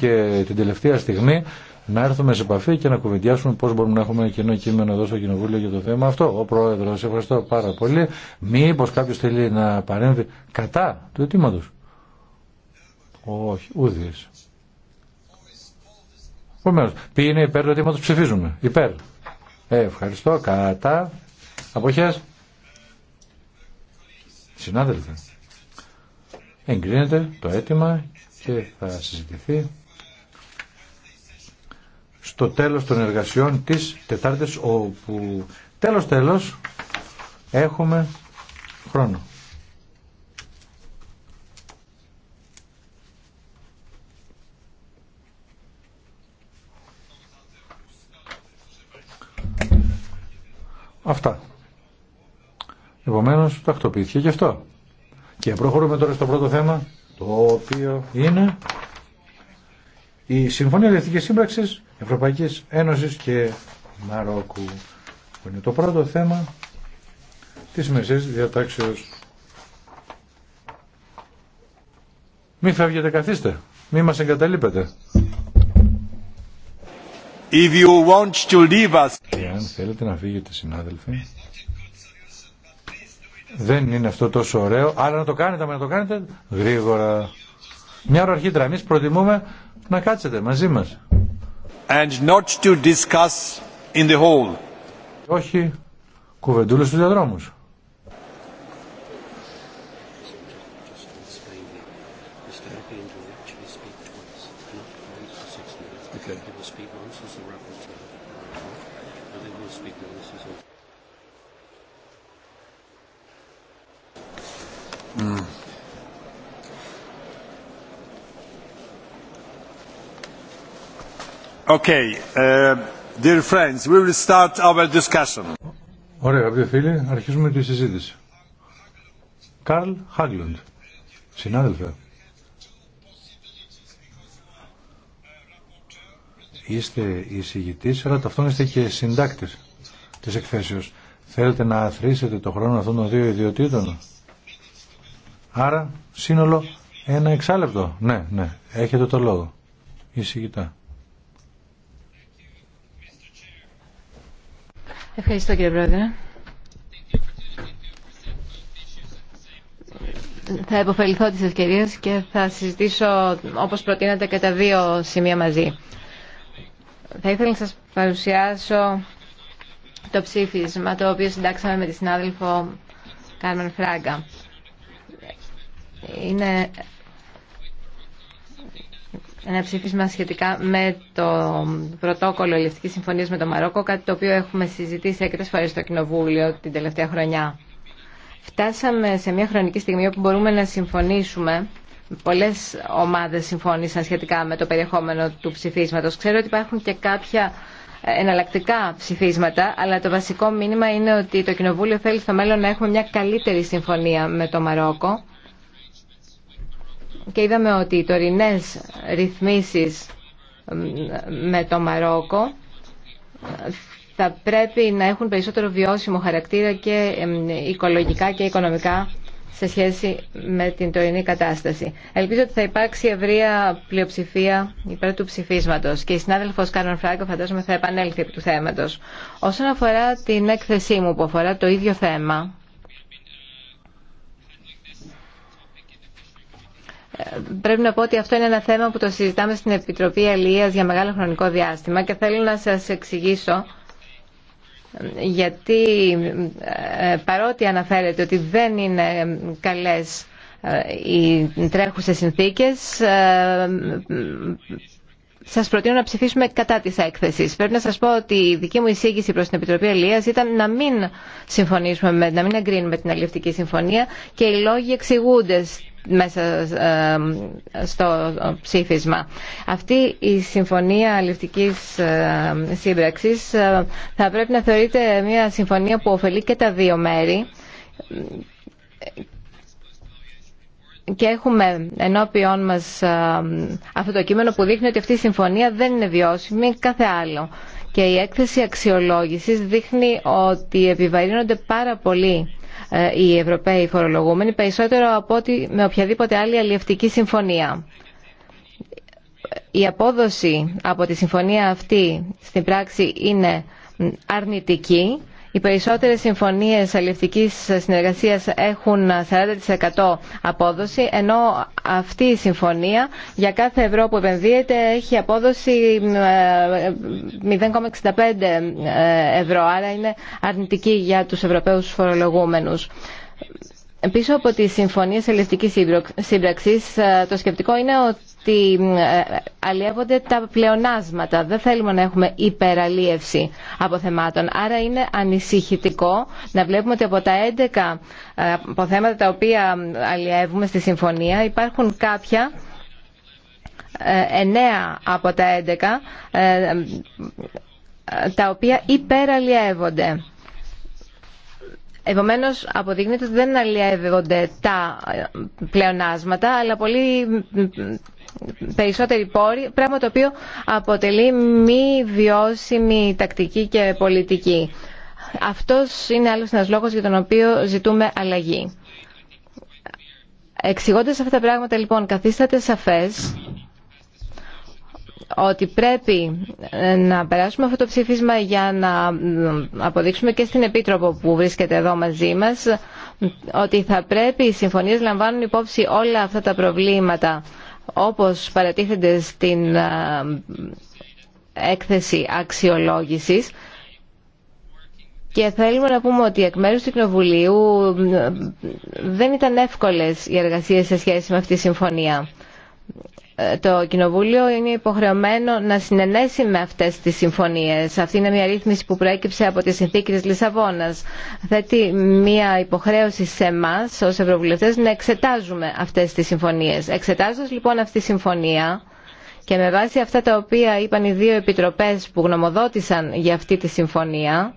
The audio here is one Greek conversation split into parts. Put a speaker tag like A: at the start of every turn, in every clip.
A: και την τελευταία στιγμή να έρθουμε σε επαφή και να κουβεντιάσουμε πώ μπορούμε να έχουμε κοινό κείμενο εδώ στο Κοινοβούλιο για το θέμα αυτό. Ο Πρόεδρο, ευχαριστώ πάρα πολύ. Μήπω κάποιο θέλει να παρέμβει κατά του αιτήματο. Όχι, ούδη. Επομένω, ποιοι είναι υπέρ του αιτήματο ψηφίζουμε. Υπέρ. Ε, ευχαριστώ. Κατά. Αποχέ. Συνάδελφε. Εγκρίνεται το αίτημα και θα συζητηθεί στο τέλος των εργασιών της Τετάρτης όπου τέλος τέλος έχουμε χρόνο. Αυτά. Επομένως τακτοποιήθηκε και αυτό. Και προχωρούμε τώρα στο πρώτο θέμα το οποίο είναι η Συμφωνία Διεθνικής Σύμπραξης Ευρωπαϊκής Ένωσης και Μαρόκου που είναι το πρώτο θέμα της μεσής διατάξεως. Μην φεύγετε καθίστε, μην μας εγκαταλείπετε. If you want to leave us... Εάν θέλετε να φύγετε συνάδελφοι, δεν είναι αυτό τόσο ωραίο, αλλά να το κάνετε, να το κάνετε γρήγορα. Μια ώρα αρχίτερα, προτιμούμε να κάτσετε μαζί μας and not to discuss in the hall. Όχι κουβεντούλες στους διαδρόμους. Mm. Uh, Ωραία, αγαπητοί φίλοι, αρχίζουμε τη συζήτηση. Καρλ Χάγλοντ, συνάδελφε. Είστε εισηγητή, αλλά ταυτόχρονα είστε και συντάκτη της εκθέσεως. Θέλετε να αθροίσετε το χρόνο αυτών των δύο ιδιωτήτων. Άρα, σύνολο ένα εξάλεπτο. Ναι, ναι, έχετε το λόγο. Εισηγητά.
B: Ευχαριστώ κύριε Πρόεδρε. Θα υποφεληθώ της ευκαιρία και θα συζητήσω όπως προτείνατε και τα δύο σημεία μαζί. Θα ήθελα να σας παρουσιάσω το ψήφισμα το οποίο συντάξαμε με τη συνάδελφο Κάρμεν Φράγκα. Είναι ένα ψήφισμα σχετικά με το πρωτόκολλο ελευθερικής συμφωνία με το Μαρόκο, κάτι το οποίο έχουμε συζητήσει αρκετές φορές στο Κοινοβούλιο την τελευταία χρονιά. Φτάσαμε σε μια χρονική στιγμή όπου μπορούμε να συμφωνήσουμε πολλέ ομάδε συμφώνησαν σχετικά με το περιεχόμενο του ψηφίσματο. Ξέρω ότι υπάρχουν και κάποια εναλλακτικά ψηφίσματα, αλλά το βασικό μήνυμα είναι ότι το Κοινοβούλιο θέλει στο μέλλον να έχουμε μια καλύτερη συμφωνία με το Μαρόκο και είδαμε ότι οι τωρινές ρυθμίσεις με το Μαρόκο θα πρέπει να έχουν περισσότερο βιώσιμο χαρακτήρα και οικολογικά και οικονομικά σε σχέση με την τωρινή κατάσταση. Ελπίζω ότι θα υπάρξει ευρεία πλειοψηφία υπέρ του ψηφίσματο και η συνάδελφο Κάρον Φράγκο φαντάζομαι θα επανέλθει επί του θέματο. Όσον αφορά την έκθεσή μου που αφορά το ίδιο θέμα, Πρέπει να πω ότι αυτό είναι ένα θέμα που το συζητάμε στην Επιτροπή Αλίας για μεγάλο χρονικό διάστημα και θέλω να σας εξηγήσω γιατί ε, παρότι αναφέρεται ότι δεν είναι καλές ε, οι τρέχουσες συνθήκες ε, σας προτείνω να ψηφίσουμε κατά τη έκθεση. Πρέπει να σας πω ότι η δική μου εισήγηση προς την Επιτροπή Ελία ήταν να μην συμφωνήσουμε, με, να μην εγκρίνουμε την Αλληλευτική Συμφωνία και οι λόγοι εξηγούνται μέσα στο ψήφισμα. Αυτή η συμφωνία αλληλευτικής σύμπραξης ε, θα πρέπει να θεωρείται μια συμφωνία που ωφελεί και τα δύο μέρη και έχουμε ενώπιόν μας αυτό το κείμενο που δείχνει ότι αυτή η συμφωνία δεν είναι βιώσιμη κάθε άλλο. Και η έκθεση αξιολόγησης δείχνει ότι επιβαρύνονται πάρα πολύ ε, οι Ευρωπαίοι φορολογούμενοι περισσότερο από ότι με οποιαδήποτε άλλη αλληλευτική συμφωνία. Η απόδοση από τη συμφωνία αυτή στην πράξη είναι αρνητική οι περισσότερε συμφωνίε αλληλευτικής συνεργασίας έχουν 40% απόδοση, ενώ αυτή η συμφωνία για κάθε ευρώ που επενδύεται έχει απόδοση 0,65 ε, ε, ευρώ, άρα είναι αρνητική για του Ευρωπαίους φορολογούμενους. Πίσω από τις συμφωνίες ελευτικής σύμπραξης ε, το σκεπτικό είναι ότι ε, αλλιεύονται τα πλεονάσματα. Δεν θέλουμε να έχουμε από θεμάτων. Άρα είναι ανησυχητικό να βλέπουμε ότι από τα 11 ε, αποθέματα τα οποία αλλιεύουμε στη συμφωνία υπάρχουν κάποια 9 από τα 11 τα οποία υπεραλλιεύονται. Επομένω, αποδεικνύεται ότι δεν αλλιεύονται τα ε, πλεονάσματα, αλλά πολύ περισσότεροι πόροι, πράγμα το οποίο αποτελεί μη βιώσιμη τακτική και πολιτική. Αυτός είναι άλλο ένα λόγος για τον οποίο ζητούμε αλλαγή. Εξηγώντα αυτά τα πράγματα λοιπόν καθίσταται σαφές ότι πρέπει ε, να περάσουμε αυτό το ψήφισμα για να αποδείξουμε και στην Επίτροπο που βρίσκεται εδώ μαζί μας ότι θα πρέπει οι συμφωνίες λαμβάνουν υπόψη όλα αυτά τα προβλήματα όπως παρατίθενται στην ε, έκθεση αξιολόγησης και θέλουμε να πούμε ότι εκ μέρους του Κοινοβουλίου δεν ήταν εύκολες οι εργασίες σε σχέση με αυτή τη συμφωνία. Ε, το Κοινοβούλιο είναι υποχρεωμένο να συνενέσει με αυτέ τι συμφωνίε. Αυτή είναι μια ρύθμιση που προέκυψε από τη συνθήκη τη Λισαβόνας. Θέτει μια υποχρέωση σε εμά ω Ευρωβουλευτές να εξετάζουμε αυτέ τι συμφωνίε. Εξετάζοντα λοιπόν αυτή τη συμφωνία και με βάση αυτά τα οποία είπαν οι δύο επιτροπές που γνωμοδότησαν για αυτή τη συμφωνία,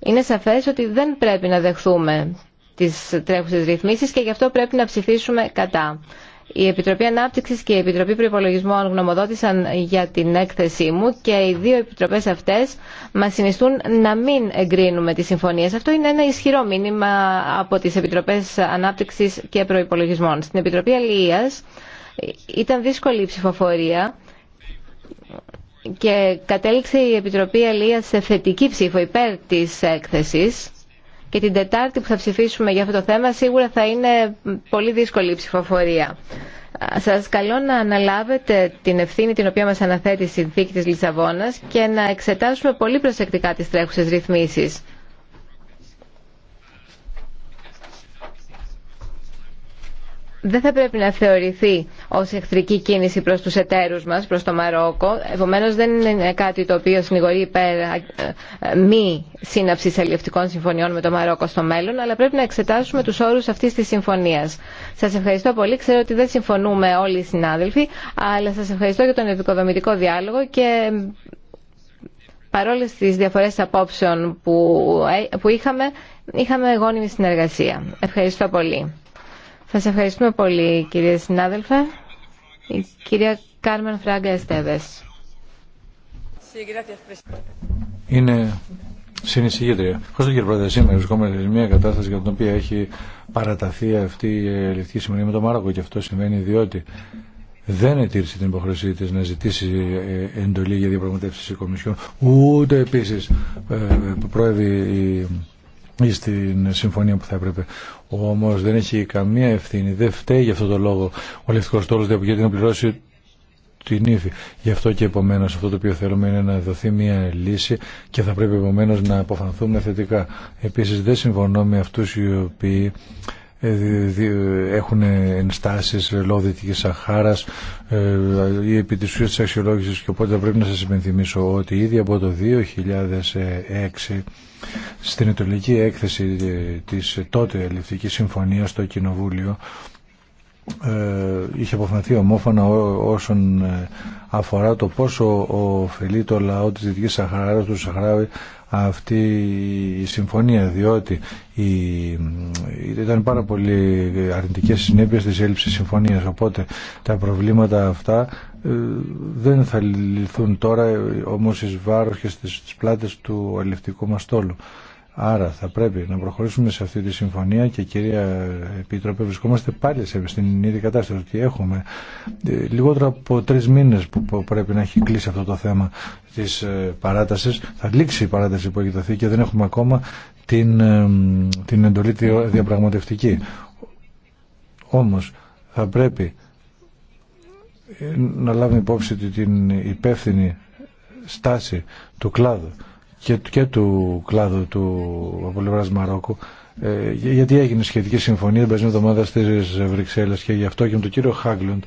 B: είναι σαφές ότι δεν πρέπει να δεχθούμε τις τρέχουσες ρυθμίσεις και γι' αυτό πρέπει να ψηφίσουμε κατά. Η Επιτροπή Ανάπτυξη και η Επιτροπή Προπολογισμών γνωμοδότησαν για την έκθεσή μου και οι δύο επιτροπέ αυτέ μα συνιστούν να μην εγκρίνουμε τι συμφωνίε. Αυτό είναι ένα ισχυρό μήνυμα από τι Επιτροπέ Ανάπτυξη και Προπολογισμών. Στην Επιτροπή Αλληλεία ήταν δύσκολη η ψηφοφορία και κατέληξε η Επιτροπή Αλληλεία σε θετική ψήφο υπέρ τη έκθεση και την Τετάρτη που θα ψηφίσουμε για αυτό το θέμα σίγουρα θα είναι πολύ δύσκολη η ψηφοφορία. Σας καλώ να αναλάβετε την ευθύνη την οποία μας αναθέτει η συνθήκη της Λισαβόνας και να εξετάσουμε πολύ προσεκτικά τις τρέχουσες ρυθμίσεις. δεν θα πρέπει να θεωρηθεί ω εχθρική κίνηση προ του εταίρου μα προ το Μαρόκο. Επομένω, δεν είναι κάτι το οποίο συνηγορεί υπέρ ε, ε, μη σύναψη αλληλευτικών συμφωνιών με το Μαρόκο στο μέλλον, αλλά πρέπει να εξετάσουμε του όρου αυτή τη συμφωνία. Σα ευχαριστώ πολύ. Ξέρω ότι δεν συμφωνούμε όλοι οι συνάδελφοι, αλλά σα ευχαριστώ για τον επικοδομητικό διάλογο και παρόλε τι διαφορέ απόψεων ε, που, είχαμε, είχαμε γόνιμη συνεργασία. Ευχαριστώ πολύ. Σας ευχαριστούμε πολύ κύριε συνάδελφε. Η κυρία Κάρμεν Φράγκα Εστέδες.
A: Είναι συνεισηγήτρια. Ευχαριστώ κύριε Πρόεδρε. Σήμερα βρισκόμαστε σε μια κατάσταση για την οποία έχει παραταθεί αυτή η ελληνική συμφωνία με το Μάρακο και αυτό σημαίνει διότι δεν ετήρησε την υποχρεωσή της να ζητήσει ε, εντολή για η Κομισιόν, ούτε επίση ε, προέβη στην συμφωνία που θα έπρεπε. Όμω δεν έχει καμία ευθύνη, δεν φταίει γι' αυτό το λόγο ο λευκός τόλο δεν να πληρώσει την ύφη. Γι' αυτό και επομένω αυτό το οποίο θέλουμε είναι να δοθεί μια λύση και θα πρέπει επομένω να αποφανθούμε θετικά. Επίση δεν συμφωνώ με αυτού οι οποίοι ε, έχουν ενστάσεις λόγω Δυτικής Σαχάρας ε, ή επί της ουσίας της αξιολόγησης και οπότε πρέπει να σας υπενθυμίσω ότι ήδη από το 2006 στην ετολική έκθεση ε, της τότε Ελληνικής Συμφωνίας στο Κοινοβούλιο ε, είχε αποφανθεί ομόφωνα όσον ε, αφορά το πόσο ωφελεί το λαό της Δυτικής Σαχαράς του Σαχράου αυτή η συμφωνία διότι η, ήταν πάρα πολύ αρνητικές συνέπειες της έλλειψης συμφωνίας οπότε τα προβλήματα αυτά δεν θα λυθούν τώρα όμως εις βάρος και στις πλάτες του αλληλευτικού μας τόλου. Άρα θα πρέπει να προχωρήσουμε σε αυτή τη συμφωνία και κυρία Επίτροπε βρισκόμαστε πάλι σε, στην ίδια κατάσταση ότι έχουμε ε, λιγότερο από τρεις μήνες που πρέπει να έχει κλείσει αυτό το θέμα της ε, παράτασης. Θα λήξει η παράταση που έχει δοθεί και δεν έχουμε ακόμα την, ε, την εντολή διαπραγματευτική. Όμως θα πρέπει να λάβουμε υπόψη την υπεύθυνη στάση του κλάδου και, του κλάδου του από Μαρόκου. Ε, γιατί έγινε σχετική συμφωνία την περσμένη εβδομάδα στι Βρυξέλλε και γι' αυτό και με τον κύριο Χάγκλουντ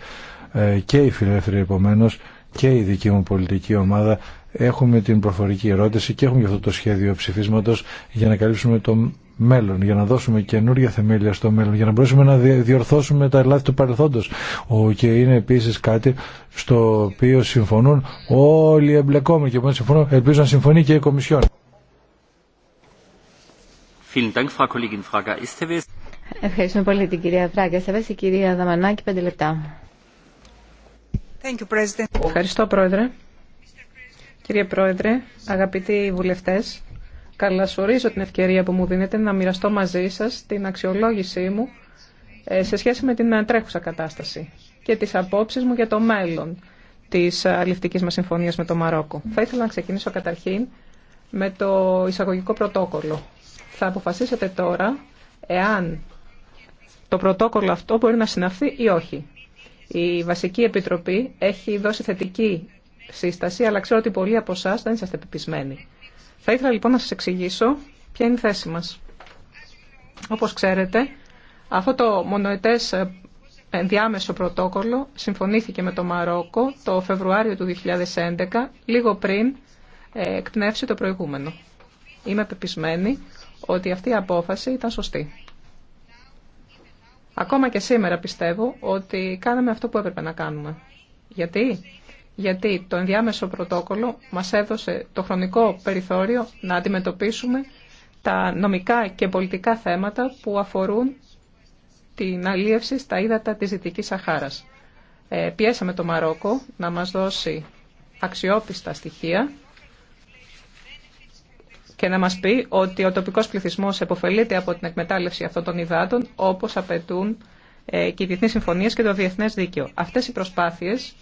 A: ε, και η φιλελεύθερη επομένω και η δική μου πολιτική ομάδα έχουμε την προφορική ερώτηση και έχουμε και αυτό το σχέδιο ψηφίσματος για να καλύψουμε το μέλλον, για να δώσουμε καινούργια θεμέλια στο μέλλον, για να μπορέσουμε να διορθώσουμε τα λάθη του παρελθόντος. Ο, και είναι επίσης κάτι στο οποίο συμφωνούν όλοι οι εμπλεκόμενοι και συμφωνώ, ελπίζω να συμφωνεί και η Κομισιόν.
B: Ευχαριστούμε πολύ την κυρία Φράγκα. Σε η κυρία Δαμανάκη, πέντε λεπτά. Thank you, Ευχαριστώ, Πρόεδρε.
C: Κύριε Πρόεδρε, αγαπητοί βουλευτές, καλασορίζω την ευκαιρία που μου δίνετε να μοιραστώ μαζί σας την αξιολόγησή μου ε, σε σχέση με την ε, τρέχουσα κατάσταση και τις απόψεις μου για το μέλλον της ε, αληφτικής μας συμφωνίας με το Μαρόκο. Θα ήθελα να ξεκινήσω καταρχήν με το εισαγωγικό πρωτόκολλο. Θα αποφασίσετε τώρα εάν το πρωτόκολλο αυτό μπορεί να συναυθεί ή όχι. Η Βασική Επιτροπή έχει δώσει θετική σύσταση, αλλά ξέρω ότι πολλοί από εσά δεν είσαστε πεπισμένοι. Θα ήθελα λοιπόν να σας εξηγήσω ποια είναι η θέση μας. Όπως ξέρετε, αυτό το μονοετές ε, ενδιάμεσο πρωτόκολλο συμφωνήθηκε με το Μαρόκο το Φεβρουάριο του 2011, λίγο πριν ε, εκπνεύσει το προηγούμενο. Είμαι πεπισμένη ότι αυτή η απόφαση ήταν σωστή. Ακόμα και σήμερα πιστεύω ότι κάναμε αυτό που έπρεπε να κάνουμε. Γιατί? γιατί το ενδιάμεσο πρωτόκολλο μας έδωσε το χρονικό περιθώριο να αντιμετωπίσουμε τα νομικά και πολιτικά θέματα που αφορούν την αλίευση στα ύδατα της Δυτικής Σαχάρας. Ε, πιέσαμε το Μαρόκο να μας δώσει αξιόπιστα στοιχεία και να μας πει ότι ο τοπικός πληθυσμός επωφελείται από την εκμετάλλευση αυτών των υδάτων όπως απαιτούν ε, και οι διεθνείς συμφωνίες και το διεθνές δίκαιο. Αυτές οι προσπάθειες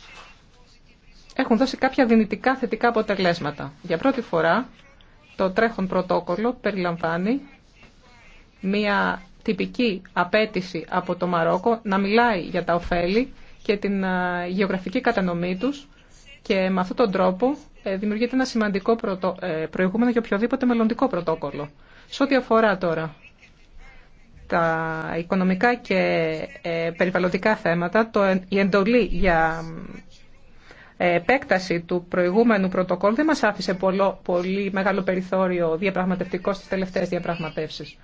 C: έχουν δώσει κάποια δυνητικά θετικά αποτελέσματα. Για πρώτη φορά το τρέχον πρωτόκολλο περιλαμβάνει μια τυπική απέτηση από το Μαρόκο να μιλάει για τα ωφέλη και την γεωγραφική κατανομή τους και με αυτόν τον τρόπο ε, δημιουργείται ένα σημαντικό ε, προηγούμενο για οποιοδήποτε μελλοντικό πρωτόκολλο. Σε ό,τι αφορά τώρα τα οικονομικά και ε, περιβαλλοντικά θέματα, η εντολή για επέκταση του προηγούμενου πρωτοκόλλου δεν μας άφησε πολύ μεγάλο περιθώριο διαπραγματευτικό στις τελευταίες διαπραγματεύσεις.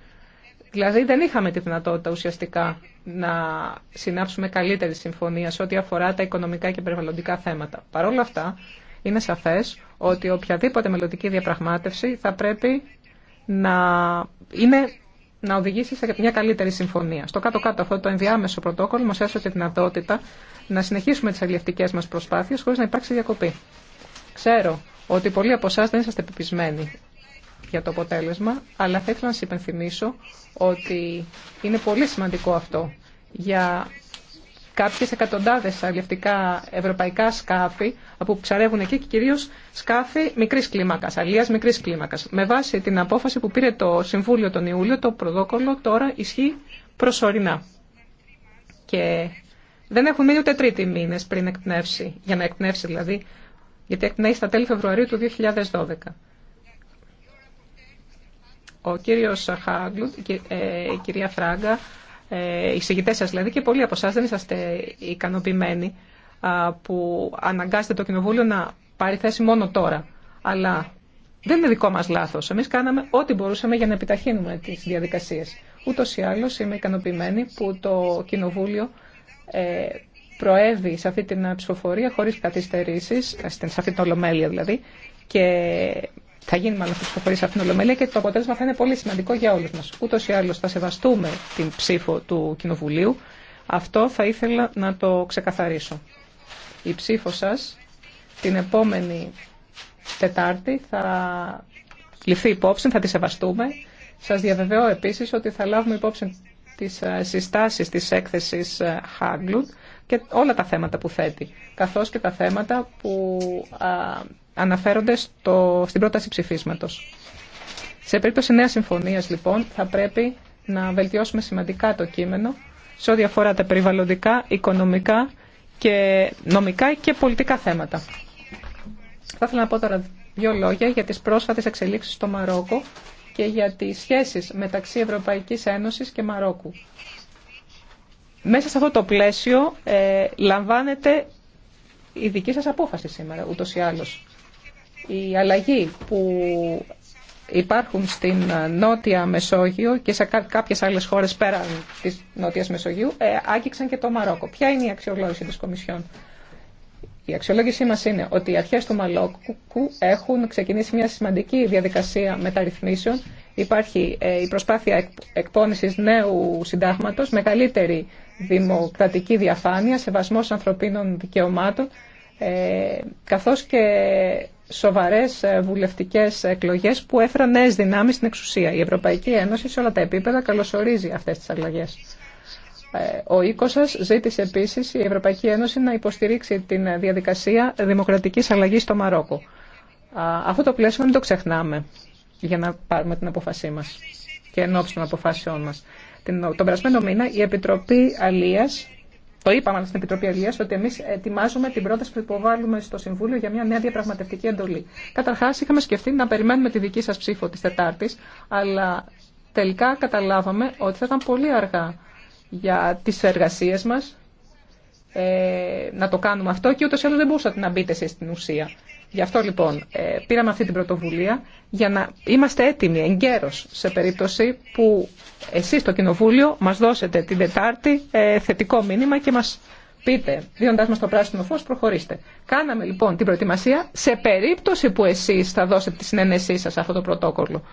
C: Δηλαδή δεν είχαμε τη δυνατότητα ουσιαστικά να συνάψουμε καλύτερη συμφωνία σε ό,τι αφορά τα οικονομικά και περιβαλλοντικά θέματα. Παρ' όλα αυτά, είναι σαφές ότι οποιαδήποτε μελλοντική διαπραγμάτευση θα πρέπει να είναι να οδηγήσει σε μια καλύτερη συμφωνία. Στο κάτω-κάτω αυτό το ενδιάμεσο πρωτόκολλο μας έδωσε τη δυνατότητα να συνεχίσουμε τις αλληλευτικές μας προσπάθειες χωρίς να υπάρξει διακοπή. Ξέρω ότι πολλοί από εσά δεν είσαστε επιπισμένοι για το αποτέλεσμα, αλλά θα ήθελα να σας υπενθυμίσω ότι είναι πολύ σημαντικό αυτό για κάποιες εκατοντάδες αλληλευτικά ευρωπαϊκά σκάφη που ψαρεύουν εκεί και κυρίως σκάφη μικρής κλίμακας, αλίας μικρής κλίμακας. Με βάση την απόφαση που πήρε το Συμβούλιο τον Ιούλιο, το πρωτόκολλο τώρα ισχύει προσωρινά. Και δεν έχουν μείνει ούτε τρίτη μήνες πριν εκπνεύσει, για να εκπνεύσει δηλαδή, γιατί εκπνέει στα τέλη Φεβρουαρίου του 2012. Ο κύριος και ε, η κυρία Φράγκα, ε, οι συγητές σας δηλαδή και πολλοί από εσά δεν είσαστε ικανοποιημένοι που αναγκάζετε το Κοινοβούλιο να πάρει θέση μόνο τώρα. Αλλά δεν είναι δικό μας λάθος. Εμείς κάναμε ό,τι μπορούσαμε για να επιταχύνουμε τις διαδικασίες. Ούτω ή άλλω είμαι ικανοποιημένη που το Κοινοβούλιο ε, προέβη σε αυτή την ψηφοφορία χωρί καθυστερήσεις, σε αυτή την ολομέλεια δηλαδή, και θα γίνει μάλλον αυτό σε αυτήν την Ολομέλεια και το αποτέλεσμα θα είναι πολύ σημαντικό για όλου μα. Ούτω ή άλλω θα σεβαστούμε την ψήφο του Κοινοβουλίου. Αυτό θα ήθελα να το ξεκαθαρίσω. Η ψήφο σα την επόμενη Τετάρτη θα ληφθεί υπόψη, θα τη σεβαστούμε. Σα διαβεβαιώ επίση ότι θα λάβουμε υπόψη τι ε, συστάσει τη έκθεση Χάγκλουντ ε, και όλα τα θέματα που θέτει, καθώς και τα θέματα που αναφέρονται στο, στην πρόταση ψηφίσματος. Σε περίπτωση νέας συμφωνίας, λοιπόν, θα πρέπει να βελτιώσουμε σημαντικά το κείμενο σε ό,τι αφορά τα περιβαλλοντικά, οικονομικά και νομικά και πολιτικά θέματα. Θα ήθελα να πω τώρα δύο λόγια για τις πρόσφατες εξελίξεις στο Μαρόκο και για τις σχέσεις μεταξύ Ευρωπαϊκής Ένωσης και Μαρόκου. Μέσα σε αυτό το πλαίσιο ε, λαμβάνεται η δική σας απόφαση σήμερα, ούτως ή άλλως. Η αλλαγή που υπάρχουν στην ε, Νότια Μεσόγειο και σε κάποιες άλλες χώρες πέραν της Νότιας Μεσογείου ε, άγγιξαν και το Μαρόκο. Ποια είναι η αξιολόγηση της Κομισιόν. Η αξιολόγησή μας είναι ότι οι αρχές του Μαλόκου έχουν ξεκινήσει μια σημαντική διαδικασία μεταρρυθμίσεων Υπάρχει ε, η προσπάθεια εκπόνησης νέου συντάγματος, μεγαλύτερη δημοκρατική διαφάνεια, σεβασμός ανθρωπίνων δικαιωμάτων, ε, καθώς και σοβαρές ε, βουλευτικές εκλογές που έφεραν νέες δυνάμεις στην εξουσία. Η Ευρωπαϊκή Ένωση σε όλα τα επίπεδα καλωσορίζει αυτές τις αλλαγές. Ο οίκος σας ζήτησε επίσης η Ευρωπαϊκή Ένωση να υποστηρίξει την διαδικασία δημοκρατικής αλλαγής στο Μαρόκο. Αυτό το πλαίσιο το ξεχνάμε για να πάρουμε την αποφασή μας και ενόψει των αποφάσεών μας. Τον περασμένο μήνα η Επιτροπή Αλίας, το είπαμε στην Επιτροπή Αλίας, ότι εμείς ετοιμάζουμε την πρόταση που υποβάλλουμε στο Συμβούλιο για μια νέα διαπραγματευτική εντολή. Καταρχάς είχαμε σκεφτεί να περιμένουμε τη δική σας ψήφο της Τετάρτης, αλλά τελικά καταλάβαμε ότι θα ήταν πολύ αργά για τις εργασίες μας, ε, να το κάνουμε αυτό και ούτως ή δεν μπορούσατε να μπείτε εσείς στην ουσία. Γι' αυτό λοιπόν ε, πήραμε αυτή την πρωτοβουλία για να είμαστε έτοιμοι εγκαίρως σε περίπτωση που εσείς το Κοινοβούλιο μας δώσετε την Δετάρτη ε, θετικό μήνυμα και μας πείτε, δίνοντάς μα το πράσινο φως προχωρήστε. Κάναμε λοιπόν την προετοιμασία σε περίπτωση που εσείς θα δώσετε τη συνένεσή σας σε αυτό το πρωτόκολλο.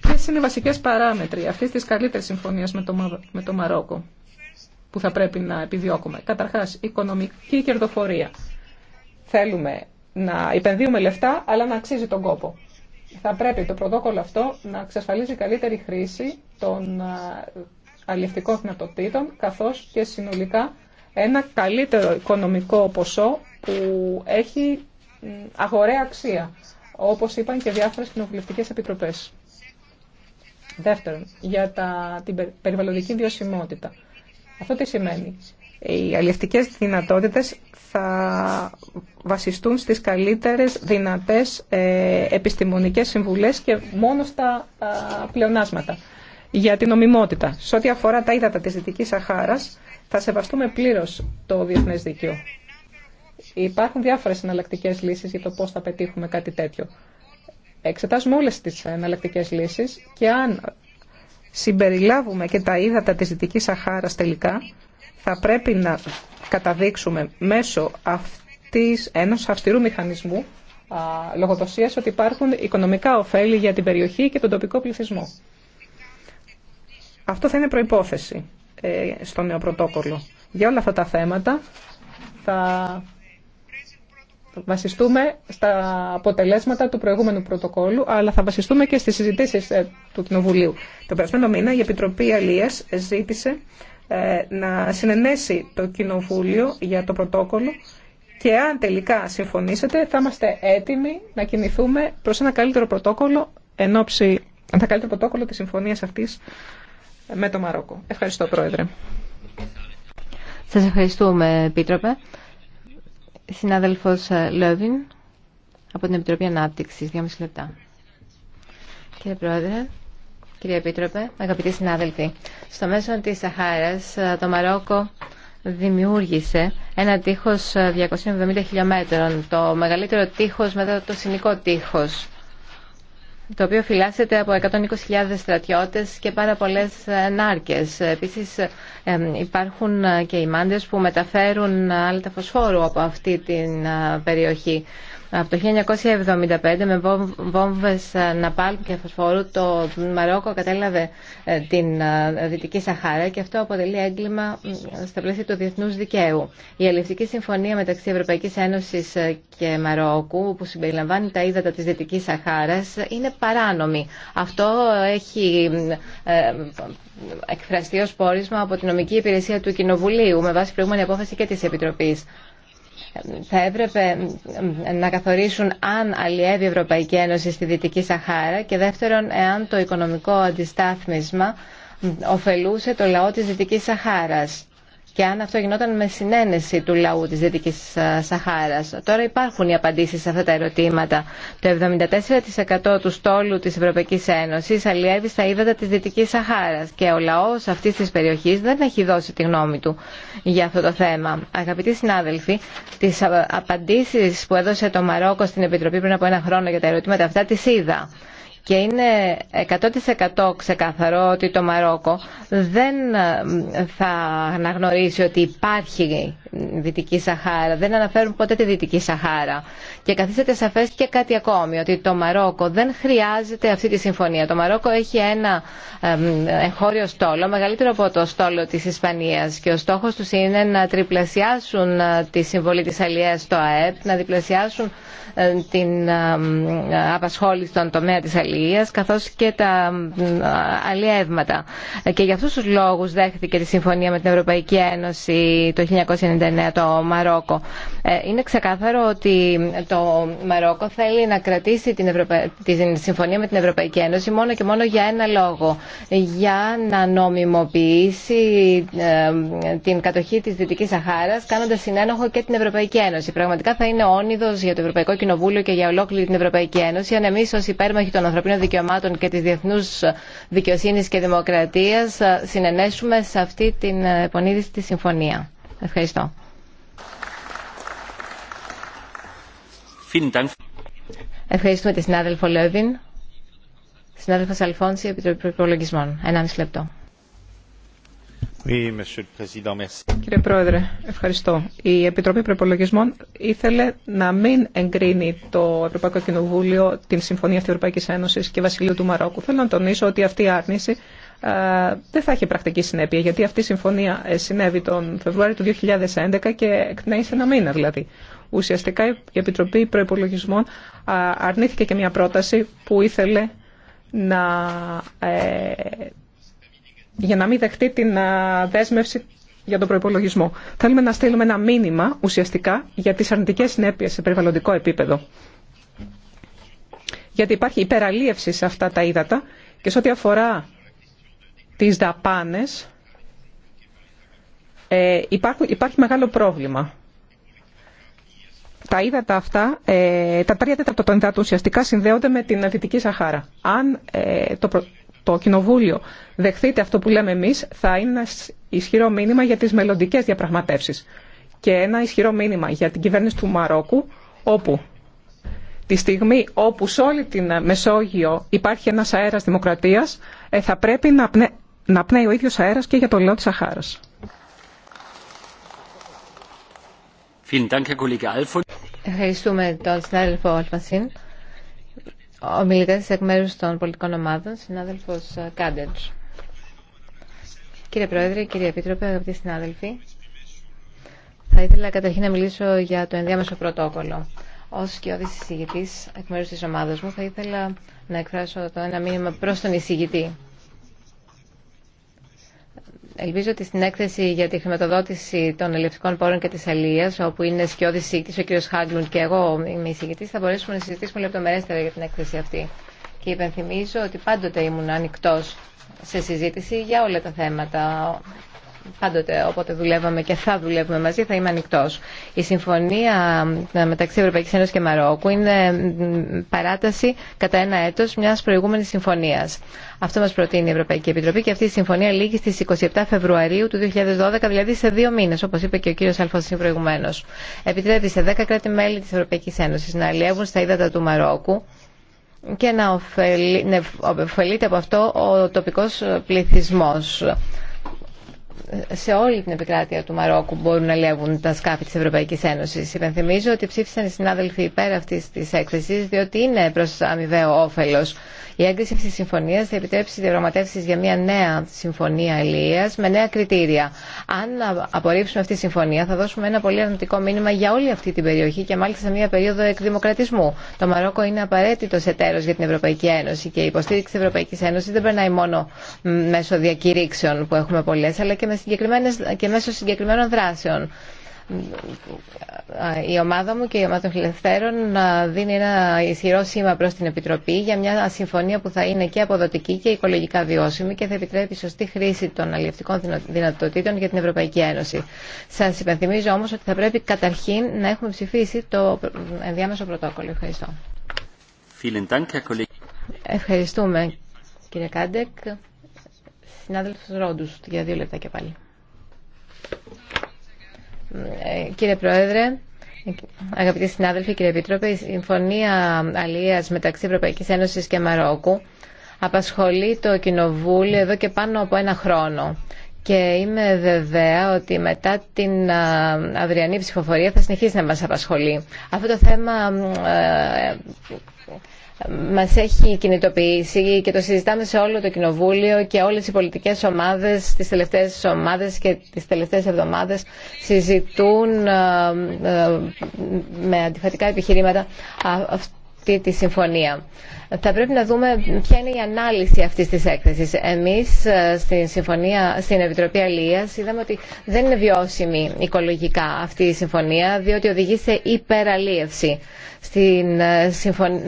C: Ποιε είναι οι βασικές παράμετροι αυτή τη καλύτερη συμφωνία με, το, με το Μαρόκο που θα πρέπει να επιδιώκουμε. Καταρχά, οικονομική κερδοφορία. Θέλουμε να επενδύουμε λεφτά, αλλά να αξίζει τον κόπο. Θα πρέπει το πρωτόκολλο αυτό να εξασφαλίζει καλύτερη χρήση των αλληλευτικών δυνατοτήτων, καθώς και συνολικά ένα καλύτερο οικονομικό ποσό που έχει αγοραία αξία, όπως είπαν και διάφορες κοινοβουλευτικές επιτροπές. Δεύτερον, για τα, την περιβαλλοντική βιωσιμότητα. Αυτό τι σημαίνει. Οι αλληλευτικές δυνατότητες θα βασιστούν στις καλύτερες δυνατές ε, επιστημονικές συμβουλές και μόνο στα πλεονάσματα. Για την νομιμότητα, σε ό,τι αφορά τα ύδατα της Δυτικής Σαχάρας, θα σεβαστούμε πλήρως το διεθνές δίκαιο. Υπάρχουν διάφορες εναλλακτικές λύσεις για το πώς θα πετύχουμε κάτι τέτοιο. Εξετάζουμε όλες τις εναλλακτικές λύσεις και αν συμπεριλάβουμε και τα ύδατα της Δυτικής Σαχάρας τελικά, θα πρέπει να καταδείξουμε μέσω αυτής ενός αυστηρού μηχανισμού λογοδοσίας ότι υπάρχουν οικονομικά ωφέλη για την περιοχή και τον τοπικό πληθυσμό. Αυτό θα είναι προϋπόθεση ε, στο νέο πρωτόκολλο. Για όλα αυτά τα θέματα θα βασιστούμε στα αποτελέσματα του προηγούμενου πρωτοκόλλου, αλλά θα βασιστούμε και στις συζητήσεις ε, του Κοινοβουλίου. Το περασμένο μήνα η Επιτροπή Αλίας ζήτησε ε, να συνενέσει το Κοινοβούλιο για το πρωτόκολλο και αν τελικά συμφωνήσετε θα είμαστε έτοιμοι να κινηθούμε προς ένα καλύτερο πρωτόκολλο εν ώψη, καλύτερο πρωτόκολλο της συμφωνίας αυτής με το Μαρόκο. Ευχαριστώ Πρόεδρε.
B: Σας ευχαριστούμε Επίτροπε. Συνάδελφος ε, Λόβιν από την Επιτροπή Ανάπτυξης. Δυόμιση λεπτά. Κύριε Πρόεδρε, Κύριε Επίτροπε, αγαπητοί συνάδελφοι, στο μέσο της Σαχάρας ε, το Μαρόκο δημιούργησε ένα τείχος 270 ε, χιλιόμετρων, το μεγαλύτερο τείχος μετά το συνικό τείχος, το οποίο φυλάσσεται από 120.000 στρατιώτες και πάρα πολλές ε, νάρκες. Επίσης υπάρχουν και οι μάντες που μεταφέρουν άλλα τα φωσφόρου από αυτή την περιοχή. Από το 1975 με βόμβες ε, Ναπάλ και Φωσφόρου το Μαρόκο κατέλαβε ε, την ε, Δυτική Σαχάρα και αυτό αποτελεί έγκλημα στα πλαίσια του διεθνούς δικαίου. Η αλληλευτική συμφωνία μεταξύ Ευρωπαϊκής Ένωσης και Μαρόκου που συμπεριλαμβάνει τα ύδατα της Δυτικής Σαχάρας είναι παράνομη. Αυτό έχει εκφραστεί ως πόρισμα από την νομική υπηρεσία του Κοινοβουλίου με βάση προηγούμενη απόφαση και της Επιτροπής θα έπρεπε να καθορίσουν αν αλλιεύει η Ευρωπαϊκή Ένωση στη Δυτική Σαχάρα και δεύτερον εάν το οικονομικό αντιστάθμισμα ωφελούσε το λαό της Δυτικής Σαχάρας και αν αυτό γινόταν με συνένεση του λαού της Δυτικής Σαχάρας. Τώρα υπάρχουν οι απαντήσεις σε αυτά τα ερωτήματα. Το 74% του στόλου της Ευρωπαϊκής Ένωσης αλλιεύει στα ύδατα της Δυτικής Σαχάρας και ο λαός αυτής της περιοχής δεν έχει δώσει τη γνώμη του για αυτό το θέμα. Αγαπητοί συνάδελφοι, τις απαντήσεις που έδωσε το Μαρόκο στην Επιτροπή πριν από ένα χρόνο για τα ερωτήματα αυτά τις είδα. Και είναι 100% ξεκαθαρό ότι το Μαρόκο δεν ε, θα αναγνωρίσει ότι υπάρχει Δυτική Σαχάρα. Δεν αναφέρουν ποτέ τη Δυτική Σαχάρα. Και καθίσατε σαφέ και κάτι ακόμη, ότι το Μαρόκο δεν χρειάζεται αυτή τη συμφωνία. Το Μαρόκο έχει ένα εγχώριο στόλο, μεγαλύτερο από το στόλο τη Ισπανία. Και ο στόχο του είναι να τριπλασιάσουν ε, τη συμβολή τη αλληλεία στο ΑΕΠ, να διπλασιάσουν ε, την ε, απασχόληση στον τομέα τη αλλήλία, καθώ και τα αλλιεύματα. Και για αυτού του λόγου δέχθηκε τη συμφωνία με την Ευρωπαϊκή Ένωση το 1999 το Μαρόκο. Είναι ξεκάθαρο ότι το Μαρόκο θέλει να κρατήσει την, Ευρωπα... συμφωνία με την Ευρωπαϊκή Ένωση μόνο και μόνο για ένα λόγο. Για να νομιμοποιήσει ε, την κατοχή τη Δυτική Σαχάρα, κάνοντα συνένοχο και την Ευρωπαϊκή Ένωση. Πραγματικά θα είναι όνειδο για το Ευρωπαϊκό Κοινοβούλιο και για ολόκληρη την Ευρωπαϊκή Ένωση αν εμεί ω υπέρμαχοι των ανθρωπίνων δικαιωμάτων και τη Διεθνού Δικαιοσύνη και Δημοκρατία ε, συνενέσουμε σε αυτή την επονίδηση τη συμφωνία. Ευχαριστώ. Ευχαριστούμε τη συνάδελφο Λέβιν. Συνάδελφο Αλφόνση, Επιτροπή Προπολογισμών. Ένα λεπτό. Κύριε Πρόεδρε, ευχαριστώ. Η Επιτροπή
C: Προπολογισμών ήθελε να μην εγκρίνει το Ευρωπαϊκό Κοινοβούλιο την Συμφωνία αυτή Ευρωπαϊκή Ένωση και Βασιλείου του Μαρόκου. Θέλω να τονίσω ότι αυτή η άρνηση ε, δεν θα έχει πρακτική συνέπεια, γιατί αυτή η συμφωνία ε, συνέβη τον Φεβρουάριο του 2011 και εκπνέει σε ένα μήνα δηλαδή. Ουσιαστικά η Επιτροπή Προπολογισμών αρνήθηκε και μια πρόταση που ήθελε να, ε, για να μην δεχτεί την δέσμευση για τον προπολογισμό. Θέλουμε να στείλουμε ένα μήνυμα ουσιαστικά για τις αρνητικές συνέπειες σε περιβαλλοντικό επίπεδο. Γιατί υπάρχει υπεραλίευση σε αυτά τα ύδατα και σε ό,τι αφορά τις δαπάνες ε, υπάρχει, υπάρχει μεγάλο πρόβλημα τα ύδατα αυτά, ε, τα τρία τέταρτα των υδάτων ουσιαστικά συνδέονται με την Δυτική Σαχάρα. Αν ε, το, το Κοινοβούλιο δεχθείτε αυτό που λέμε εμείς, θα είναι ένα ισχυρό μήνυμα για τις μελλοντικέ διαπραγματεύσεις και ένα ισχυρό μήνυμα για την κυβέρνηση του Μαρόκου, όπου τη στιγμή όπου σε όλη την Μεσόγειο υπάρχει ένας αέρας δημοκρατίας, ε, θα πρέπει να, να πνέει ο ίδιος αέρας
B: και για το λαό της Σαχάρας. Ευχαριστούμε τον συνάδελφο Αλφασίν. Ο μιλητέ εκ μέρου των πολιτικών ομάδων, συνάδελφο Κάντετ. Κύριε Πρόεδρε, κύριε Επίτροπε, αγαπητοί συνάδελφοι, θα ήθελα καταρχήν να μιλήσω για το ενδιάμεσο πρωτόκολλο. Ω και ο εκ μέρου τη ομάδα μου, θα ήθελα να εκφράσω το ένα μήνυμα προ τον εισηγητή. Ελπίζω ότι στην έκθεση για τη χρηματοδότηση των ελευθερικών πόρων και τη αλληλεία, όπου είναι σκιώδη συγκητή ο κ. Χάγκλουν και εγώ είμαι εισηγητή, θα μπορέσουμε να συζητήσουμε λεπτομερέστερα για την έκθεση αυτή. Και υπενθυμίζω ότι πάντοτε ήμουν ανοιχτό σε συζήτηση για όλα τα θέματα, πάντοτε όποτε δουλεύαμε και θα δουλεύουμε μαζί θα είμαι ανοιχτό. Η συμφωνία ε, μεταξύ Ευρωπαϊκής Ένωσης και Μαρόκου είναι παράταση κατά ένα έτος μιας προηγούμενης συμφωνίας. Αυτό μας προτείνει η Ευρωπαϊκή Επιτροπή και αυτή η συμφωνία λήγει στις 27 Φεβρουαρίου του 2012, δηλαδή σε δύο μήνες, όπως είπε και ο κύριος Αλφωσίν προηγουμένως. Επιτρέπει σε 10 κράτη-μέλη της Ευρωπαϊκής Ένωσης να αλλιεύουν στα ύδατα του Μαρόκου και να ωφελείται από αυτό ο τοπικός πληθυσμός σε όλη την επικράτεια του Μαρόκου μπορούν να λεύουν τα σκάφη τη Ευρωπαϊκή Ένωση. Υπενθυμίζω ότι ψήφισαν οι συνάδελφοι υπέρ αυτή τη έκθεση, διότι είναι προ αμοιβαίο όφελο. Η έγκριση αυτή της συμφωνίας θα επιτρέψει διαπραγματεύσει για μια νέα συμφωνία αλληλεία με νέα κριτήρια. Αν απορρίψουμε αυτή τη συμφωνία θα δώσουμε ένα πολύ αρνητικό μήνυμα για όλη αυτή την περιοχή και μάλιστα σε μια περίοδο εκδημοκρατισμού. Το Μαρόκο είναι απαραίτητο εταίρο για την Ευρωπαϊκή Ένωση και η υποστήριξη τη Ευρωπαϊκή Ένωση δεν περνάει μόνο μέσω διακηρύξεων που έχουμε πολλέ. αλλά και και μέσω συγκεκριμένων δράσεων. Η ομάδα μου και η ομάδα των φιλελευθέρων ε, δίνει ένα ισχυρό σήμα προς την Επιτροπή για μια συμφωνία που θα είναι και αποδοτική και οικολογικά βιώσιμη και θα επιτρέπει σωστή χρήση των αλληλευτικών δυνατοτήτων για την Ευρωπαϊκή Ένωση. Σας υπενθυμίζω όμως ότι θα πρέπει καταρχήν να έχουμε ψηφίσει το ενδιάμεσο πρωτόκολλο. Ευχαριστώ. Ευχαριστούμε κύριε Κάντεκ συνάδελφος ρόντου, για δύο λεπτά και πάλι. Ε, κύριε Πρόεδρε, αγαπητοί συνάδελφοι, κύριε Επίτροπε, η Συμφωνία Αλίας μεταξύ Ευρωπαϊκής Ένωσης και Μαρόκου απασχολεί το Κοινοβούλιο εδώ και πάνω από ένα χρόνο. Και είμαι βεβαία ότι μετά την ε, αυριανή ψηφοφορία θα συνεχίσει να μας απασχολεί. Αυτό το θέμα ε, μας έχει κινητοποιήσει και το συζητάμε σε όλο το Κοινοβούλιο και όλες οι πολιτικές ομάδες, τις τελευταίες ομάδες και τις τελευταίες εβδομάδες συζητούν ε, ε, με αντιφατικά επιχειρήματα αυτή τη συμφωνία. Θα πρέπει να δούμε ποια είναι η ανάλυση αυτής της έκθεσης. Εμείς ε, στην, συμφωνία, στην Επιτροπή Αλίας είδαμε ότι δεν είναι βιώσιμη οικολογικά αυτή η συμφωνία διότι οδηγεί σε υπεραλίευση. Στην, ε,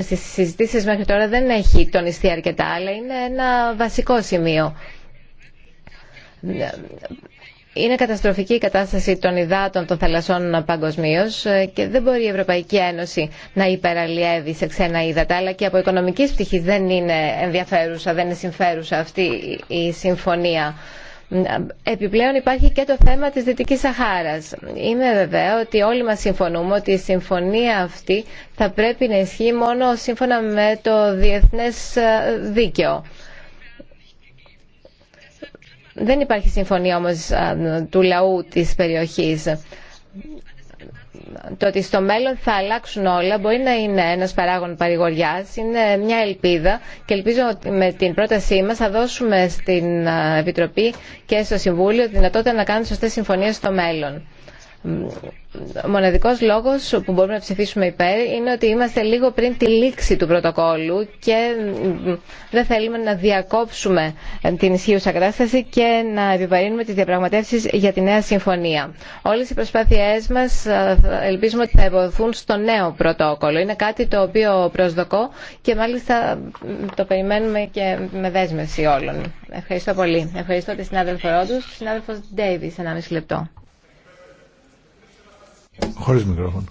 B: στις συζητήσεις μέχρι τώρα δεν έχει τονιστεί αρκετά αλλά είναι ένα βασικό σημείο είναι καταστροφική η κατάσταση των υδάτων των θαλασσών παγκοσμίω και δεν μπορεί η Ευρωπαϊκή Ένωση να υπεραλλιεύει σε ξένα ύδατα, αλλά και από οικονομική πτυχή δεν είναι ενδιαφέρουσα, δεν είναι συμφέρουσα αυτή η συμφωνία. Επιπλέον υπάρχει και το θέμα της Δυτικής Σαχάρας. Είμαι βεβαία ότι όλοι μας συμφωνούμε ότι η συμφωνία αυτή θα πρέπει να ισχύει μόνο σύμφωνα με το διεθνές δίκαιο. Δεν υπάρχει συμφωνία όμως του λαού της περιοχής. Το ότι στο μέλλον θα αλλάξουν όλα μπορεί να είναι ένας παράγων παρηγοριάς, είναι μια ελπίδα και ελπίζω ότι με την πρότασή μας θα δώσουμε στην Επιτροπή και στο Συμβούλιο δυνατότητα να κάνουν σωστές συμφωνίες στο μέλλον. Ο μοναδικό λόγο που μπορούμε να ψηφίσουμε υπέρ είναι ότι είμαστε λίγο πριν τη λήξη του πρωτοκόλου και δεν θέλουμε να διακόψουμε την ισχύουσα κατάσταση και να επιβαρύνουμε τι διαπραγματεύσει για τη νέα συμφωνία. Όλε οι προσπάθειε μα ελπίζουμε ότι θα ευωθούν στο νέο πρωτόκολλο. Είναι κάτι το οποίο προσδοκώ και μάλιστα το περιμένουμε και με δέσμευση όλων. Ευχαριστώ πολύ. Ευχαριστώ τη συνάδελφό Ρόντου, συνάδελφο Ντέιβι, ένα μισή λεπτό.
A: Χωρίς μικρόφωνο.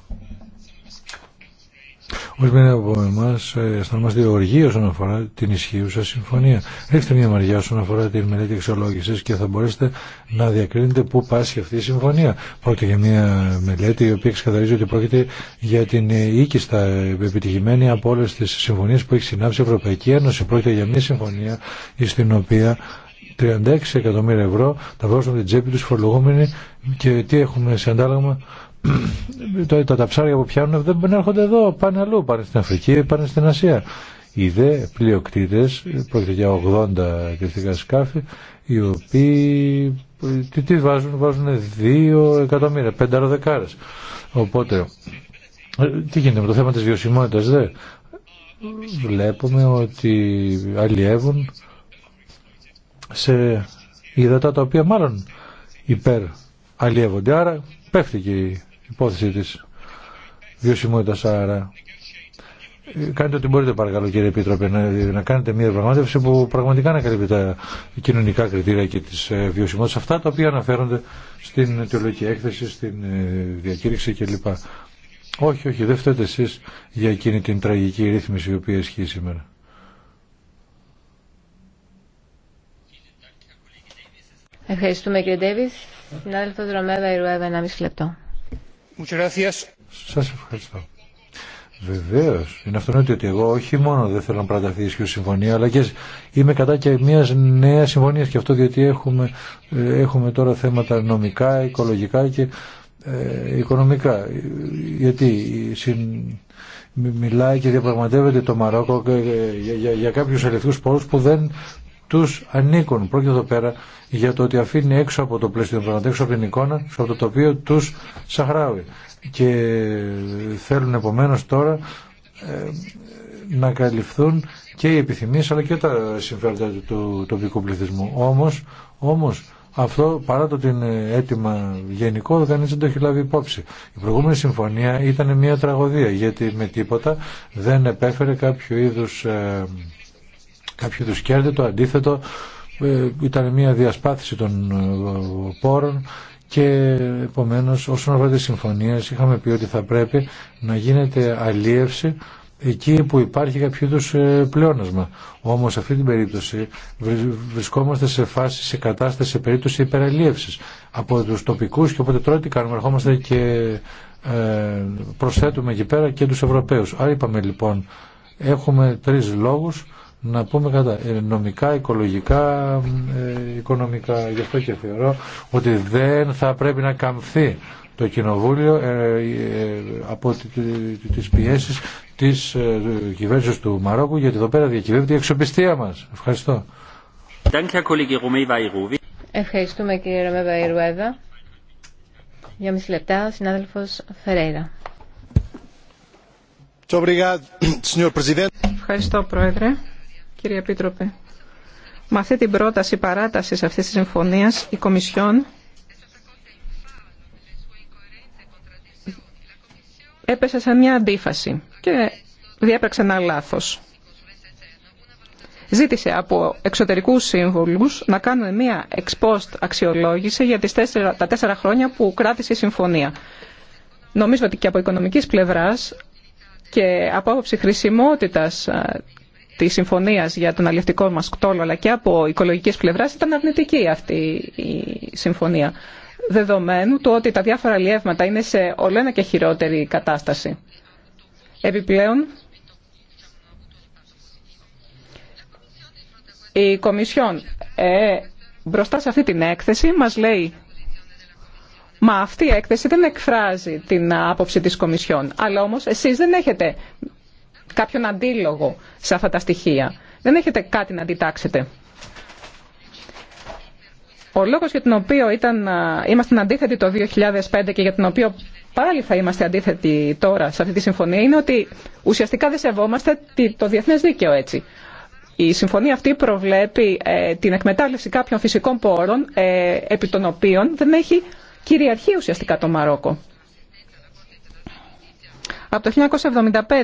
A: Ορισμένοι από εμά ε, αισθανόμαστε οργή όσον αφορά την ισχύουσα συμφωνία. Ρίξτε μια μαριά όσον αφορά την μελέτη αξιολόγηση και θα μπορέσετε να διακρίνετε πού πάσχει αυτή η συμφωνία. Πρόκειται για μια μελέτη η οποία ξεκαθαρίζει ότι πρόκειται για την οίκιστα επιτυχημένη από όλε τι συμφωνίε που έχει συνάψει η Ευρωπαϊκή Ένωση. Πρόκειται για μια συμφωνία στην οποία 36 εκατομμύρια ευρώ τα βάζουν την τσέπη του φορολογούμενοι και τι έχουμε σε αντάλλαγμα τα, τα ψάρια που πιάνουν δεν έρχονται εδώ, πάνε αλλού, πάνε στην Αφρική, πάνε στην Ασία. Οι δε πλειοκτήτες, πρόκειται για 80 κριτικά σκάφη, οι οποίοι τι, βάζουν, βάζουν 2 εκατομμύρια, δεκάρες Οπότε, ε, τι γίνεται με το θέμα της βιωσιμότητας δε. Βλέπουμε ότι αλλιεύουν σε υδατά τα οποία μάλλον υπερ αλλιεύονται. Άρα πέφτει και η υπόθεση τη βιωσιμότητα. άρα. Ε, κάντε ό,τι μπορείτε παρακαλώ κύριε Επίτροπε να, να κάνετε μια διαπραγμάτευση που πραγματικά να καλύπτει τα κοινωνικά κριτήρια και τι ε, βιωσιμότητε. αυτά τα οποία αναφέρονται στην αιτιολογική έκθεση, στην ε, διακήρυξη κλπ. Όχι, όχι, δεν φταίτε εσεί για εκείνη την τραγική ρύθμιση η οποία ισχύει σήμερα.
B: Ευχαριστούμε κύριε Ντέβις. η ρουέβα Ιρουέβα, μισή λεπτό.
A: Σας ευχαριστώ. Βεβαίω. Είναι αυτονόητο ότι εγώ όχι μόνο δεν θέλω να παραταθεί ισχύω συμφωνία, αλλά και είμαι κατά και μια νέα συμφωνία. Και αυτό διότι έχουμε, ε, έχουμε τώρα θέματα νομικά, οικολογικά και ε, οικονομικά. Γιατί μιλάει και διαπραγματεύεται το Μαρόκο ε, ε, για, για, για κάποιου ελευθερού πόρου που δεν τους ανήκουν. Πρόκειται εδώ πέρα για το ότι αφήνει έξω από το πλαίσιο των έξω από την εικόνα, από το οποίο του Σαχράουι. Και θέλουν επομένω τώρα ε, να καλυφθούν και οι επιθυμίες αλλά και τα συμφέροντα του τοπικού πληθυσμού. Όμως, όμως αυτό παρά το ότι είναι αίτημα γενικό κανεί δεν το έχει λάβει υπόψη. Η προηγούμενη συμφωνία ήταν μια τραγωδία γιατί με τίποτα δεν επέφερε κάποιο είδους ε, κάποιο του κέρδη, το αντίθετο ε, ήταν μια διασπάθηση των ε, πόρων και επομένως όσον αφορά τις συμφωνίες είχαμε πει ότι θα πρέπει να γίνεται αλίευση εκεί που υπάρχει κάποιο είδους ε, πλεόνασμα. Όμως σε αυτή την περίπτωση βρισκόμαστε σε φάση, σε κατάσταση, σε περίπτωση υπεραλίευσης από τους τοπικούς και οπότε τώρα τι κάνουμε, ερχόμαστε και προσθέτουμε εκεί πέρα και τους Ευρωπαίους. Άρα είπαμε λοιπόν έχουμε τρεις λόγους να πούμε κατά ε, νομικά, οικολογικά, ε, οικονομικά. Γι' αυτό και θεωρώ ότι δεν θα πρέπει να καμφθεί το Κοινοβούλιο ε, από τις πιέσεις της κυβέρνησης του Μαρόκου γιατί εδώ πέρα διακυβεύεται η εξοπιστία μας. Ευχαριστώ.
D: Ευχαριστούμε
B: κύριε Ρωμέβα Ιρουέδα. Για μισή λεπτά συνάδελφος Φερέιρα. Ευχαριστώ πρόεδρε
C: κύριε Επίτροπε. Με αυτή την πρόταση παράτασης αυτής της συμφωνίας, η Κομισιόν έπεσε σε μια αντίφαση και διέπραξε ένα λάθος. Ζήτησε από εξωτερικούς σύμβουλους να κάνουν μια εξπόστ αξιολόγηση για τις τέσσερα, τα τέσσερα χρόνια που κράτησε η συμφωνία. Νομίζω ότι και από οικονομικής πλευράς και από άποψη χρησιμότητας τη συμφωνία για τον αλληλευτικό μα κτόλο, αλλά και από οικολογική πλευρά, ήταν αρνητική αυτή η συμφωνία. Δεδομένου του ότι τα διάφορα αλλιεύματα είναι σε ολένα και χειρότερη κατάσταση. Επιπλέον, η Κομισιόν ε, μπροστά σε αυτή την έκθεση μας λέει Μα αυτή η έκθεση δεν εκφράζει την άποψη της Κομισιόν. Αλλά όμως εσείς δεν έχετε κάποιον αντίλογο σε αυτά τα στοιχεία. Δεν έχετε κάτι να αντιτάξετε. Ο λόγος για τον οποίο ήταν, ήμασταν αντίθετοι το 2005 και για τον οποίο πάλι θα είμαστε αντίθετοι τώρα σε αυτή τη συμφωνία είναι ότι ουσιαστικά δεν σεβόμαστε το διεθνές δίκαιο έτσι. Η συμφωνία αυτή προβλέπει ε, την εκμετάλλευση κάποιων φυσικών πόρων ε, επί των οποίων δεν έχει κυριαρχεί ουσιαστικά το Μαρόκο. Από το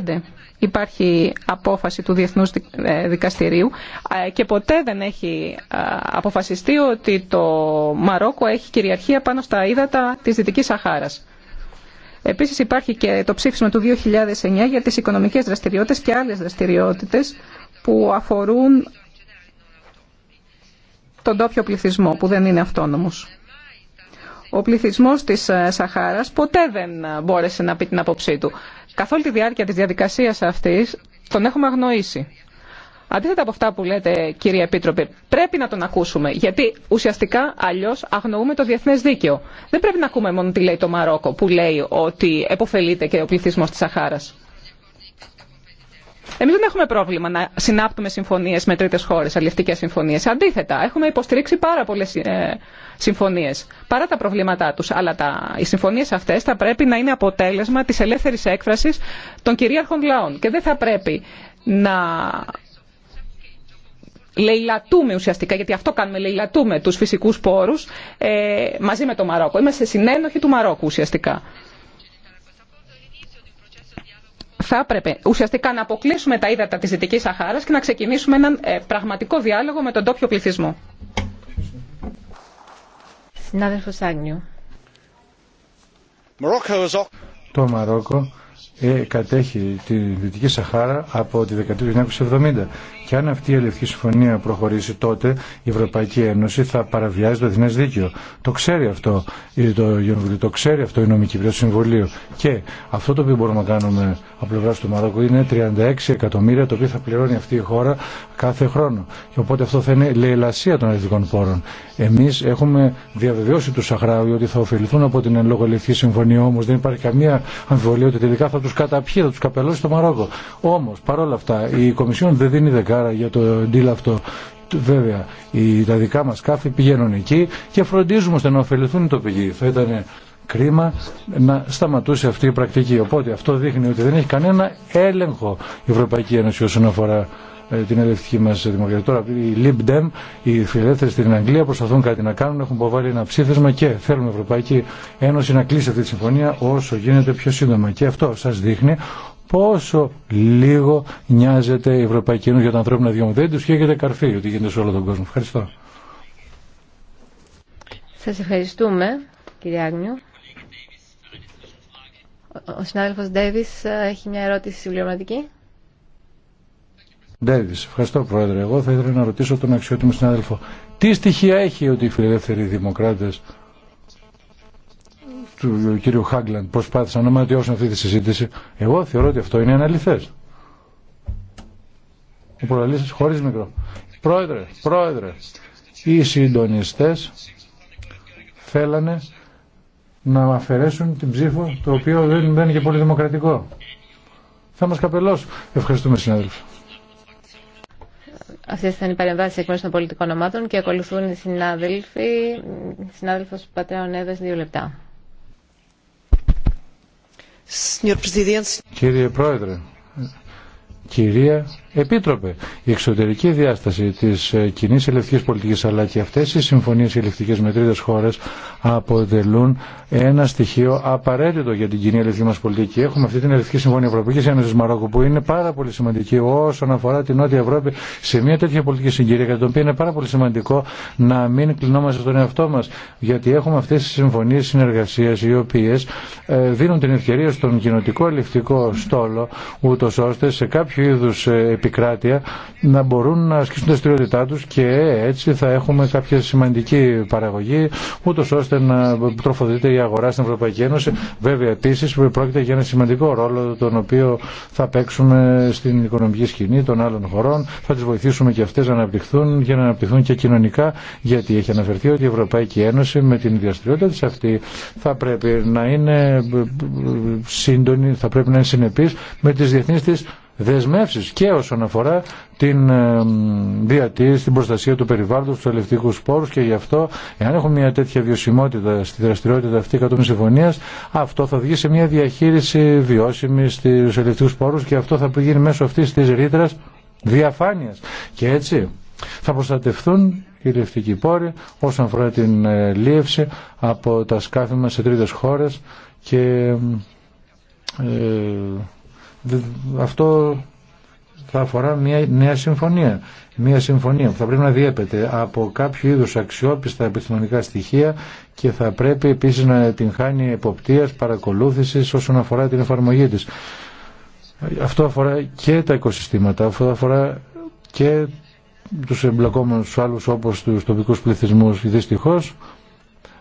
C: 1975 υπάρχει απόφαση του Διεθνούς ε, Δικαστηρίου ε, και ποτέ δεν έχει ε, αποφασιστεί ότι το Μαρόκο έχει κυριαρχία πάνω στα ύδατα της Δυτικής Σαχάρας. Επίσης υπάρχει και το ψήφισμα του 2009 για τις οικονομικές δραστηριότητες και άλλες δραστηριότητες που αφορούν τον τόπιο πληθυσμό που δεν είναι αυτόνομος. Ο πληθυσμός της Σαχάρας ποτέ δεν μπόρεσε να πει την άποψή του καθ' όλη τη διάρκεια της διαδικασίας αυτής τον έχουμε αγνοήσει. Αντίθετα από αυτά που λέτε, κύριε Επίτροπε, πρέπει να τον ακούσουμε. Γιατί ουσιαστικά αλλιώ αγνοούμε το διεθνέ δίκαιο. Δεν πρέπει να ακούμε μόνο τι λέει το Μαρόκο, που λέει ότι επωφελείται και ο πληθυσμό τη Σαχάρα. Εμεί δεν έχουμε πρόβλημα να συνάπτουμε συμφωνίε με τρίτε χώρε, αλληλευτικέ συμφωνίε. Αντίθετα, έχουμε υποστηρίξει πάρα πολλέ ε, συμφωνίε παρά τα προβλήματά του. Αλλά τα, οι συμφωνίε αυτέ θα πρέπει να είναι αποτέλεσμα τη ελεύθερη έκφραση των κυρίαρχων λαών. Και δεν θα πρέπει να λαιλατούμε ουσιαστικά, γιατί αυτό κάνουμε, λαιλατούμε του φυσικού πόρου, ε, μαζί με το Μαρόκο. Είμαστε συνένοχοι του Μαρόκου ουσιαστικά θα έπρεπε ουσιαστικά να αποκλείσουμε τα ύδατα της δυτική Σαχάρας και να ξεκινήσουμε έναν ε, πραγματικό διάλογο με τον τόπιο πληθυσμό.
A: Το Μαρόκο ε, κατέχει τη Δυτική Σαχάρα από τη δεκαετία του 1970 και αν αυτή η αλληλευτική συμφωνία προχωρήσει, τότε η Ευρωπαϊκή Ένωση θα παραβιάζει το διεθνέ δίκαιο. Το ξέρει αυτό το Γενοβουλίο, το ξέρει αυτό η νομική πτώση Συμβουλίου. Και αυτό το οποίο μπορούμε να κάνουμε από πλευρά του Μαρόκου είναι 36 εκατομμύρια το οποίο θα πληρώνει αυτή η χώρα κάθε χρόνο. Και οπότε αυτό θα είναι λαιλασία των αλληλευτικών πόρων. Εμεί έχουμε διαβεβαιώσει του Σαχράου ότι θα ωφεληθούν από την εν λόγω αλληλευτική συμφωνία, όμω δεν υπάρχει καμία αμφιβολία ότι τελικά θα του καταπιεί, θα του καπελώσει το Μαρόκο. Όμω παρόλα αυτά η Κομισιόν δεν δίνει δεκά Άρα για το deal αυτό. Βέβαια, οι, τα δικά μας σκάφη πηγαίνουν εκεί και φροντίζουμε ώστε να ωφεληθούν το πηγή. Θα ήταν κρίμα να σταματούσε αυτή η πρακτική. Οπότε αυτό δείχνει ότι δεν έχει κανένα έλεγχο η Ευρωπαϊκή Ένωση όσον αφορά ε, την ελευθερική μα δημοκρατία. Τώρα, οι Lib Dem, οι φιλελεύθεροι στην Αγγλία, προσπαθούν κάτι να κάνουν, έχουν υποβάλει ένα ψήφισμα και θέλουμε η Ευρωπαϊκή Ένωση να κλείσει αυτή τη συμφωνία όσο γίνεται πιο σύντομα. Και αυτό σα δείχνει πόσο λίγο νοιάζεται η Ευρωπαϊκή Ένωση για τα ανθρώπινα δικαιώματα. Δεν του χαίρεται καρφί ότι γίνεται σε όλο τον κόσμο. Ευχαριστώ.
B: Σα ευχαριστούμε, κύριε Άγνιου. Ο συνάδελφο Ντέβι έχει μια ερώτηση συμπληρωματική.
A: Ντέβι, ευχαριστώ, Πρόεδρε. Εγώ θα ήθελα να ρωτήσω τον αξιότιμο συνάδελφο. Τι στοιχεία έχει ότι οι φιλελεύθεροι δημοκράτε του κύριου Χάγκλαντ προσπάθησαν να ματιώσουν αυτή τη συζήτηση. Εγώ θεωρώ ότι αυτό είναι αναλυθέ. Ο προλαλής χωρί μικρό. Πρόεδρε, πρόεδρε, οι συντονιστέ θέλανε να αφαιρέσουν την ψήφο το οποίο δεν, δεν είναι και πολύ δημοκρατικό. Θα μα καπελώσουν. Ευχαριστούμε συνάδελφοι.
B: Αυτέ ήταν οι παρεμβάσει εκ μέρου των πολιτικών ομάδων και ακολουθούν οι συνάδελφοι. Συνάδελφο Πατρέων Εύε, δύο λεπτά.
A: Κύριε Πρόεδρε, Κυρία Επίτροπε, η εξωτερική διάσταση τη ε, κοινή ελευθερική πολιτική, αλλά και αυτέ οι συμφωνίε ελευθερικέ με τρίτε χώρε αποτελούν ένα στοιχείο απαραίτητο για την κοινή ελευθερική μα πολιτική. Έχουμε αυτή την ελευθερική συμφωνία Ευρωπαϊκή Ένωση Μαρόκου που είναι πάρα πολύ σημαντική όσον αφορά την Νότια Ευρώπη σε μια τέτοια πολιτική συγκυρία κατά την οποία είναι πάρα πολύ σημαντικό να μην κλεινόμαστε στον εαυτό μα. γιατί έχουμε αυτέ τι συμφωνίε συνεργασία, οι οποίε ε, δίνουν την ευκαιρία στον κοινοτικό ελευθερικό στόλο ούτω ώστε σε κάποιο τέτοιου είδου ε, επικράτεια να μπορούν να ασκήσουν τα δραστηριότητά του και έτσι θα έχουμε κάποια σημαντική παραγωγή, ούτω ώστε να τροφοδοτείται η αγορά στην Ευρωπαϊκή Ένωση. Βέβαια, επίση, πρόκειται για ένα σημαντικό ρόλο τον οποίο θα παίξουμε στην οικονομική σκηνή των άλλων χωρών. Θα τι βοηθήσουμε και αυτέ να αναπτυχθούν και να αναπτυχθούν και κοινωνικά, γιατί έχει αναφερθεί ότι η Ευρωπαϊκή Ένωση με την δραστηριότητα τη αυτή θα πρέπει να είναι ε, ε, σύντονη, θα πρέπει να είναι συνεπή με τι διεθνεί τη δεσμεύσεις και όσον αφορά την ε, διατήρηση, την προστασία του περιβάλλοντος, του ελευτικού πόρου και γι' αυτό, εάν έχουμε μια τέτοια βιωσιμότητα στη δραστηριότητα αυτή κατόπιν συμφωνία, αυτό θα βγει σε μια διαχείριση βιώσιμη στους ελευτικούς πόρου και αυτό θα γίνει μέσω αυτής της ρήτρα διαφάνειας. Και έτσι θα προστατευθούν οι ελευτικοί πόροι όσον αφορά την ε, λίευση από τα σκάφη μας σε τρίτες χώρες και... Ε, αυτό θα αφορά μια νέα συμφωνία. Μια συμφωνία που θα πρέπει να διέπεται από κάποιο είδους αξιόπιστα επιστημονικά στοιχεία και θα πρέπει επίσης να την χάνει εποπτείας, παρακολούθησης όσον αφορά την εφαρμογή της. Αυτό αφορά και τα οικοσυστήματα, αυτό αφορά και τους εμπλεκόμενους άλλους όπως τους τοπικούς πληθυσμούς. Δυστυχώς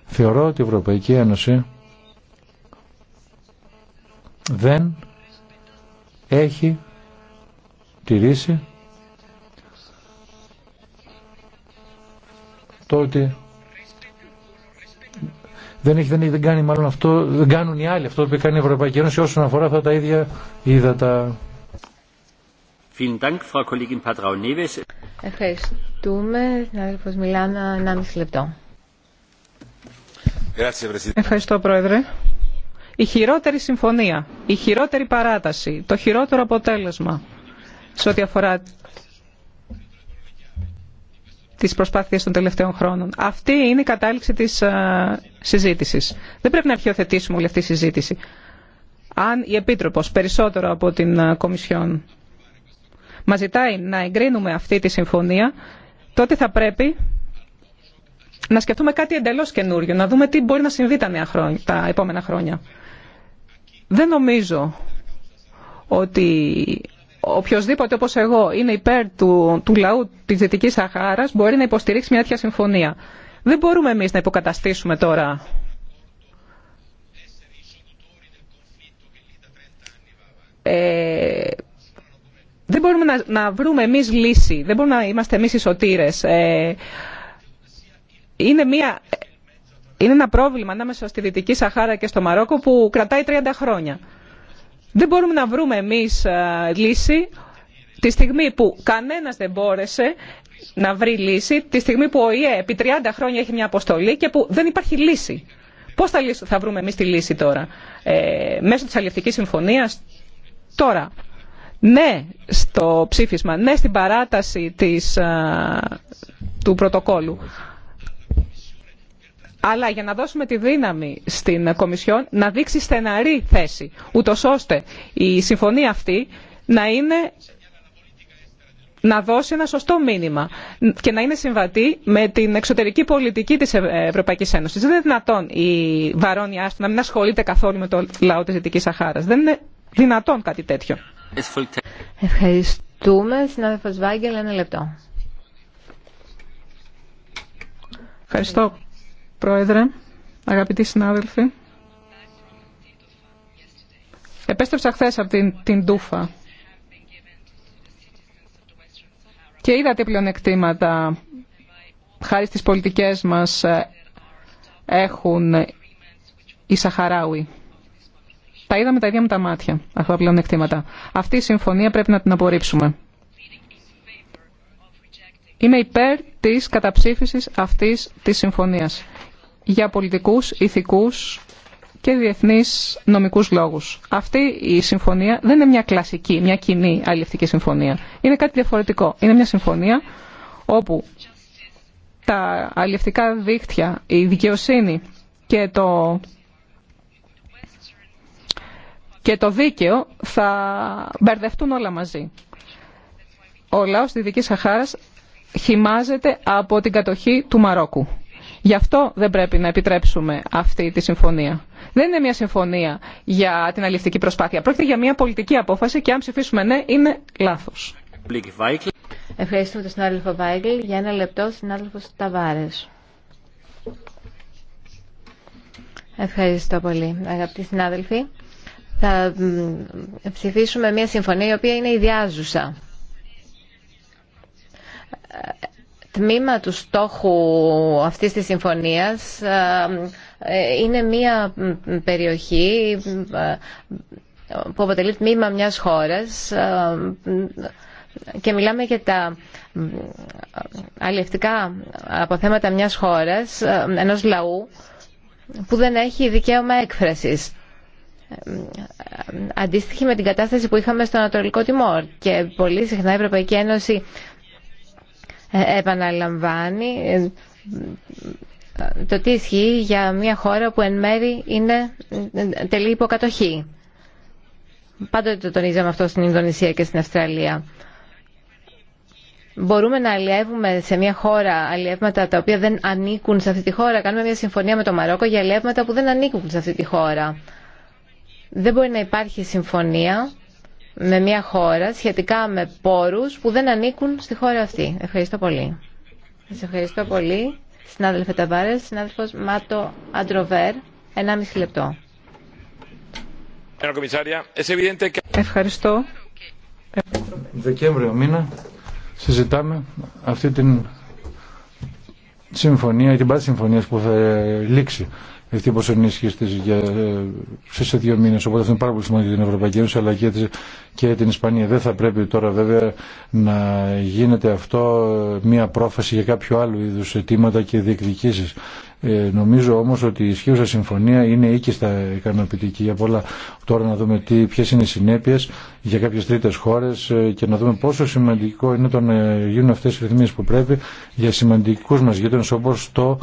A: θεωρώ ότι η Ευρωπαϊκή Ένωση δεν έχει τηρήσει το ότι δεν, έχει, δεν, έχει, δεν κάνει μάλλον αυτό, δεν κάνουν οι άλλοι αυτό που κάνει η Ευρωπαϊκή Ένωση όσον αφορά αυτά τα ίδια ύδατα.
B: Ευχαριστούμε. Συνάδελφος Μιλάνα, 1,5 λεπτό. Ευχαριστώ, Πρόεδρε η χειρότερη συμφωνία, η
C: χειρότερη παράταση, το χειρότερο αποτέλεσμα σε ό,τι αφορά τις προσπάθειες των τελευταίων χρόνων. Αυτή είναι η κατάληξη της ε, συζήτησης. Δεν πρέπει να αρχιοθετήσουμε όλη αυτή η συζήτηση. Αν η Επίτροπος περισσότερο από την ε, Κομισιόν μας ζητάει να εγκρίνουμε αυτή τη συμφωνία, τότε θα πρέπει να σκεφτούμε κάτι εντελώς καινούριο, να δούμε τι μπορεί να συμβεί τα επόμενα χρόνια. Δεν νομίζω ότι οποιοδήποτε όπως εγώ είναι υπέρ του, του λαού της Δυτικής Σαχάρας μπορεί να υποστηρίξει μια τέτοια συμφωνία. Δεν μπορούμε εμείς να υποκαταστήσουμε τώρα Ε, δεν μπορούμε να, να βρούμε εμείς λύση, δεν μπορούμε να είμαστε εμείς οι σωτήρες. Ε, είναι μια είναι ένα πρόβλημα ανάμεσα στη Δυτική Σαχάρα και στο Μαρόκο που κρατάει 30 χρόνια. Δεν μπορούμε να βρούμε εμείς ε, λύση τη στιγμή που κανένας δεν μπόρεσε να βρει λύση, τη στιγμή που ο ΙΕ επί 30 χρόνια έχει μια αποστολή και που δεν υπάρχει λύση. Πώς θα, θα βρούμε εμείς τη λύση τώρα, ε, μέσω της αλληλευτικής συμφωνίας, τώρα. Ναι στο ψήφισμα, ναι στην παράταση της, ε, του πρωτοκόλου αλλά για να δώσουμε τη δύναμη στην Κομισιόν να δείξει στεναρή θέση, ούτω ώστε η συμφωνία αυτή να είναι να δώσει ένα σωστό μήνυμα και να είναι συμβατή με την εξωτερική πολιτική της Ευρωπαϊκής Ένωσης. Δεν είναι δυνατόν η Βαρόνια Άστο να μην ασχολείται καθόλου με το λαό της Δυτικής Σαχάρας. Δεν είναι δυνατόν κάτι τέτοιο.
B: Ευχαριστούμε. Συνάδελφος Βάγγελ, ένα λεπτό.
C: Ευχαριστώ, Πρόεδρε, αγαπητοί συνάδελφοι, επέστρεψα χθε από την, την Τούφα και είδα τι πλεονεκτήματα χάρη στις πολιτικές μας έχουν οι Σαχαράουι. Τα είδαμε τα ίδια με τα μάτια αυτά τα πλεονεκτήματα. Αυτή η συμφωνία πρέπει να την απορρίψουμε. Είμαι υπέρ της καταψήφισης αυτής της συμφωνίας για πολιτικούς, ηθικούς και διεθνείς νομικούς λόγους. Αυτή η συμφωνία δεν είναι μια κλασική, μια κοινή αλληλευτική συμφωνία. Είναι κάτι διαφορετικό. Είναι μια συμφωνία όπου τα αλληλευτικά δίκτυα, η δικαιοσύνη και το, και το δίκαιο θα μπερδευτούν όλα μαζί. Ο λαός της Δυτικής Σαχάρας χυμάζεται από την κατοχή του Μαρόκου. Γι' αυτό δεν πρέπει να επιτρέψουμε αυτή τη συμφωνία. Δεν είναι μια συμφωνία για την αληθική προσπάθεια. Πρόκειται για μια πολιτική απόφαση και αν ψηφίσουμε ναι είναι
D: λάθος.
B: Ευχαριστούμε τον συνάδελφο Βάιγκλ. Για ένα λεπτό, συνάδελφο Ταβάρε. Ευχαριστώ πολύ, αγαπητοί συνάδελφοι. Θα ψηφίσουμε μια συμφωνία η οποία είναι ιδιάζουσα τμήμα του στόχου αυτής της συμφωνίας ε, ε, είναι μια περιοχή ε, που αποτελεί τμήμα μιας χώρας και μιλάμε για τα αλληλευτικά αποθέματα μιας χώρας, ενός λαού, που δεν έχει δικαίωμα έκφρασης. Αντίστοιχη με την κατάσταση που είχαμε στο Ανατολικό Τιμόρ και πολύ συχνά η Ευρωπαϊκή Ένωση ε, επαναλαμβάνει ε, το τι ισχύει για μια χώρα που εν μέρη είναι ε, τελή υποκατοχή. Πάντοτε το τονίζαμε αυτό στην Ινδονησία και στην Αυστραλία. Μπορούμε να αλλιεύουμε σε μια χώρα αλλιεύματα τα οποία δεν ανήκουν σε αυτή τη χώρα. Κάνουμε μια συμφωνία με το Μαρόκο για αλλιεύματα που δεν ανήκουν σε αυτή τη χώρα. Δεν μπορεί να υπάρχει συμφωνία με μια χώρα σχετικά με πόρους που δεν ανήκουν στη χώρα αυτή. Ευχαριστώ πολύ. Σας ευχαριστώ πολύ. Συνάδελφε Ταβάρες, συνάδελφος Μάτο Αντροβέρ, 1,5 λεπτό.
A: Ευχαριστώ. Δεκέμβριο μήνα συζητάμε αυτή την συμφωνία, ή την πάση συμφωνία που θα λήξει αυτή ενίσχυση ε, σε δύο μήνε. Οπότε αυτό είναι πάρα πολύ σημαντικό για την Ευρωπαϊκή Ένωση αλλά και, και την Ισπανία. Δεν θα πρέπει τώρα βέβαια να γίνεται αυτό μια πρόφαση για κάποιο άλλο είδου αιτήματα και διεκδικήσει. Ε, νομίζω όμως ότι η ισχύουσα συμφωνία είναι οίκιστα ικανοποιητική για πολλά. Τώρα να δούμε τι, ποιες είναι οι συνέπειες για κάποιες τρίτες χώρες ε, και να δούμε πόσο σημαντικό είναι το να γίνουν αυτές οι ρυθμίες που πρέπει για σημαντικούς μας γείτονες όπως το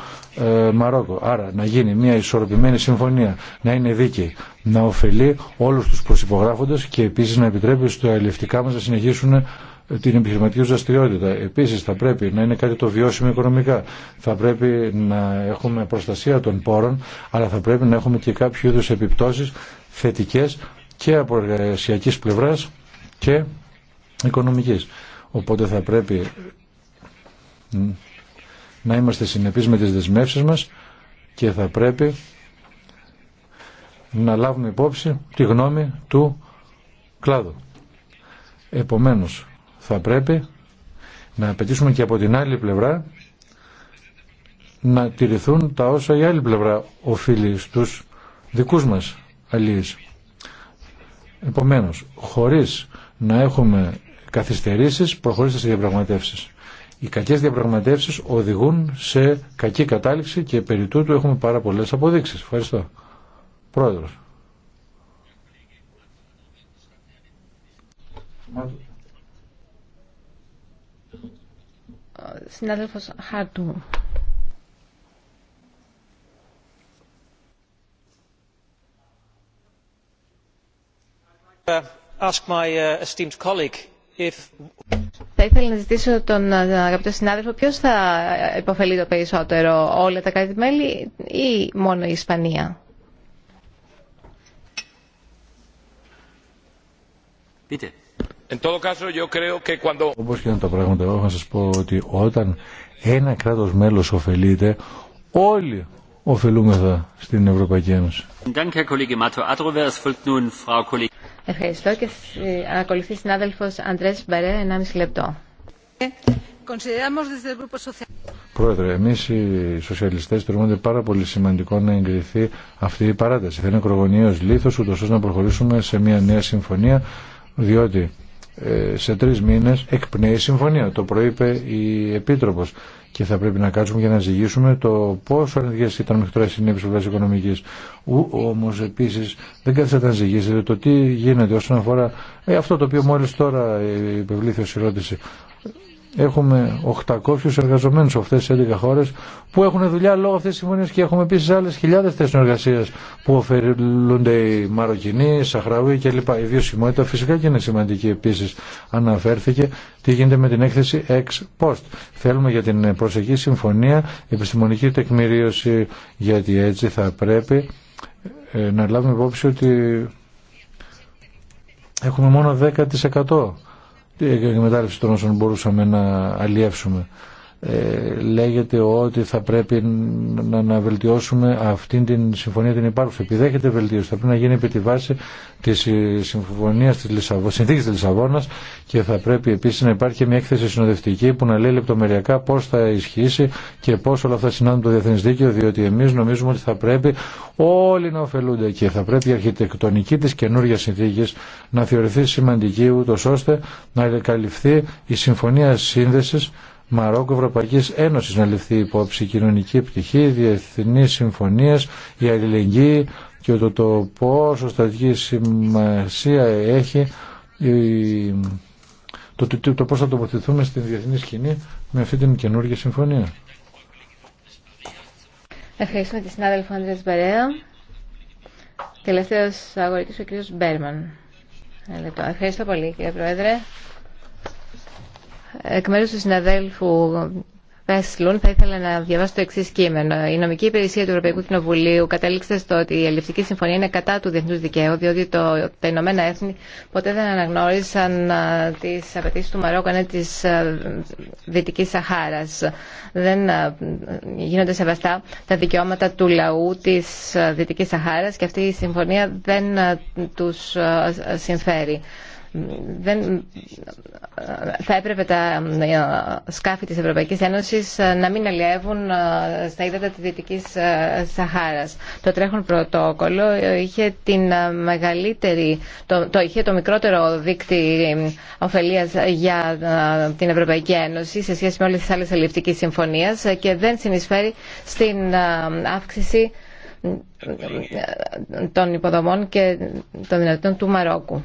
A: ε, Μαρόκο. Άρα να γίνει μια ισορροπημένη συμφωνία, να είναι δίκαιη, να ωφελεί όλους τους προσυπογράφοντες και επίσης να επιτρέπει στο αλληλευτικά μας να συνεχίσουν την επιχειρηματική δραστηριότητα. Επίσης θα πρέπει να είναι κάτι το βιώσιμο οικονομικά. Θα πρέπει να έχουμε προστασία των πόρων, αλλά θα πρέπει να έχουμε και κάποιο είδους επιπτώσεις θετικές και από εργασιακή πλευράς και οικονομικής. Οπότε θα πρέπει να είμαστε συνεπείς με τις δεσμεύσεις μας και θα πρέπει να λάβουμε υπόψη τη γνώμη του κλάδου. Επομένως, θα πρέπει να απαιτήσουμε και από την άλλη πλευρά να τηρηθούν τα όσα η άλλη πλευρά οφείλει στους δικούς μας αλληλείς. Επομένως, χωρίς να έχουμε καθυστερήσεις, προχωρήστε σε διαπραγματεύσεις. Οι κακές διαπραγματεύσεις οδηγούν σε κακή κατάληξη και περί τούτου έχουμε πάρα πολλές αποδείξεις. Ευχαριστώ. Πρόεδρος.
B: συνάδελφος Χάρτου.
C: Uh, uh,
B: θα ήθελα να ζητήσω τον uh, αγαπητό συνάδελφο ποιος θα υποφελεί το περισσότερο, όλα τα κράτη-μέλη ή μόνο η Ισπανία.
A: Πείτε. Όπως και να τα πράγματα, εγώ θα σας πω ότι όταν ένα κράτος μέλος ωφελείται, όλοι ωφελούμεθα στην Ευρωπαϊκή Ένωση.
B: Ευχαριστώ και ακολουθεί συνάδελφος Αντρές Μπαρέ, 1,5 λεπτό.
A: Πρόεδρε, εμεί οι σοσιαλιστέ θεωρούμε πάρα πολύ σημαντικό να εγκριθεί αυτή η παράταση. Θα είναι κρογωνίως λήθο, ούτω ώστε να προχωρήσουμε σε μια νέα συμφωνία, διότι ε, σε τρεις μήνες εκπνέει η συμφωνία. Το προείπε η Επίτροπος και θα πρέπει να κάτσουμε για να ζυγίσουμε το πόσο αρνητικές ήταν μέχρι τώρα οι συνέπειε οικονομικής. οικονομική. Όμως επίσης δεν κάθεται να ζυγίσετε το τι γίνεται όσον αφορά ε, αυτό το οποίο μόλις τώρα ε, υπευλήθη ω ερώτηση. Έχουμε 800 εργαζομένους σε αυτέ τι 11 χώρε που έχουν δουλειά λόγω αυτή τη συμφωνία και έχουμε επίσης άλλες χιλιάδες θέσει εργασία που ωφελούνται οι Μαροκινοί, οι Σαχραούοι κλπ. Η βιωσιμότητα φυσικά και είναι σημαντική επίσης Αναφέρθηκε τι γίνεται με την έκθεση ex post. Θέλουμε για την προσεχή συμφωνία επιστημονική τεκμηρίωση γιατί έτσι θα πρέπει ε, να λάβουμε υπόψη ότι έχουμε μόνο 10% εκμετάλλευση των όσων μπορούσαμε να αλλιεύσουμε. Ε, λέγεται ότι θα πρέπει να, να βελτιώσουμε αυτήν την συμφωνία την υπάρχουσα. Επιδέχεται βελτίωση. Θα πρέπει να γίνει επί τη βάση τη ε, συμφωνία τη συνθήκη τη Λισαβόνα και θα πρέπει επίση να υπάρχει και μια έκθεση συνοδευτική που να λέει λεπτομεριακά πώ θα ισχύσει και πώ όλα αυτά συνάδουν το διεθνέ δίκαιο, διότι εμεί νομίζουμε ότι θα πρέπει όλοι να ωφελούνται και θα πρέπει η αρχιτεκτονική τη καινούργια συνθήκη να θεωρηθεί σημαντική ούτω ώστε να καλυφθεί η συμφωνία σύνδεση Μαρόκο Ευρωπαϊκή Ένωση να ληφθεί υπόψη η κοινωνική πτυχή, διεθνεί συμφωνίε, η αλληλεγγύη και το, το πόσο στρατηγική σημασία έχει το, το, το πώς θα τοποθετηθούμε στην διεθνή σκηνή με αυτή την καινούργια συμφωνία.
B: Ευχαριστούμε τη συνάδελφο Ανδρέα Μπερέα. Τελευταίο αγορητής ο κ. Μπέρμαν. Ευχαριστώ πολύ κύριε Πρόεδρε. Εκ μέρους του συναδέλφου Βέσλουν, θα ήθελα να διαβάσω το εξή κείμενο. Η νομική υπηρεσία του Ευρωπαϊκού Κοινοβουλίου κατέληξε στο ότι η Ελληνική Συμφωνία είναι κατά του διεθνού δικαίου, διότι το, τα Ηνωμένα Έθνη ποτέ δεν αναγνώρισαν τι απαιτήσει του Μαρόκου της τη Δυτική Σαχάρα. Δεν γίνονται σεβαστά τα δικαιώματα του λαού τη Δυτική Σαχάρα και αυτή η συμφωνία δεν του συμφέρει δεν, θα έπρεπε τα ε, σκάφη της Ευρωπαϊκής Ένωσης ε, να μην αλλιεύουν ε, στα ύδατα της Δυτικής Σαχάρας. Το τρέχον πρωτόκολλο είχε την μεγαλύτερη, το, είχε το μικρότερο δίκτυο ωφελίας για την Ευρωπαϊκή Ένωση σε σχέση με όλες τις άλλες αλληλευτικές συμφωνίες και δεν συνεισφέρει στην αύξηση των υποδομών και των δυνατών του Μαρόκου.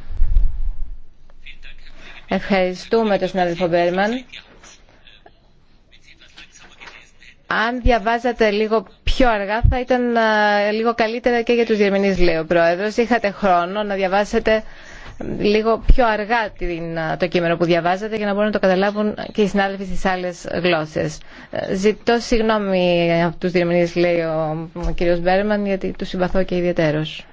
B: Ευχαριστούμε τον συνάδελφο Μπέρμαν. Αν διαβάζατε λίγο πιο αργά θα ήταν ε, λίγο καλύτερα και για τους διερμηνείς, λέει ο Πρόεδρος. Είχατε χρόνο να διαβάσετε λίγο πιο αργά ε, το κείμενο που διαβάζατε για να μπορούν να το καταλάβουν και οι συνάδελφοι στις άλλες γλώσσες. Ε, ζητώ συγγνώμη από τους διερμηνείς, λέει ο, ο κύριος Μπέρμαν, γιατί του συμπαθώ και ιδιαίτερος.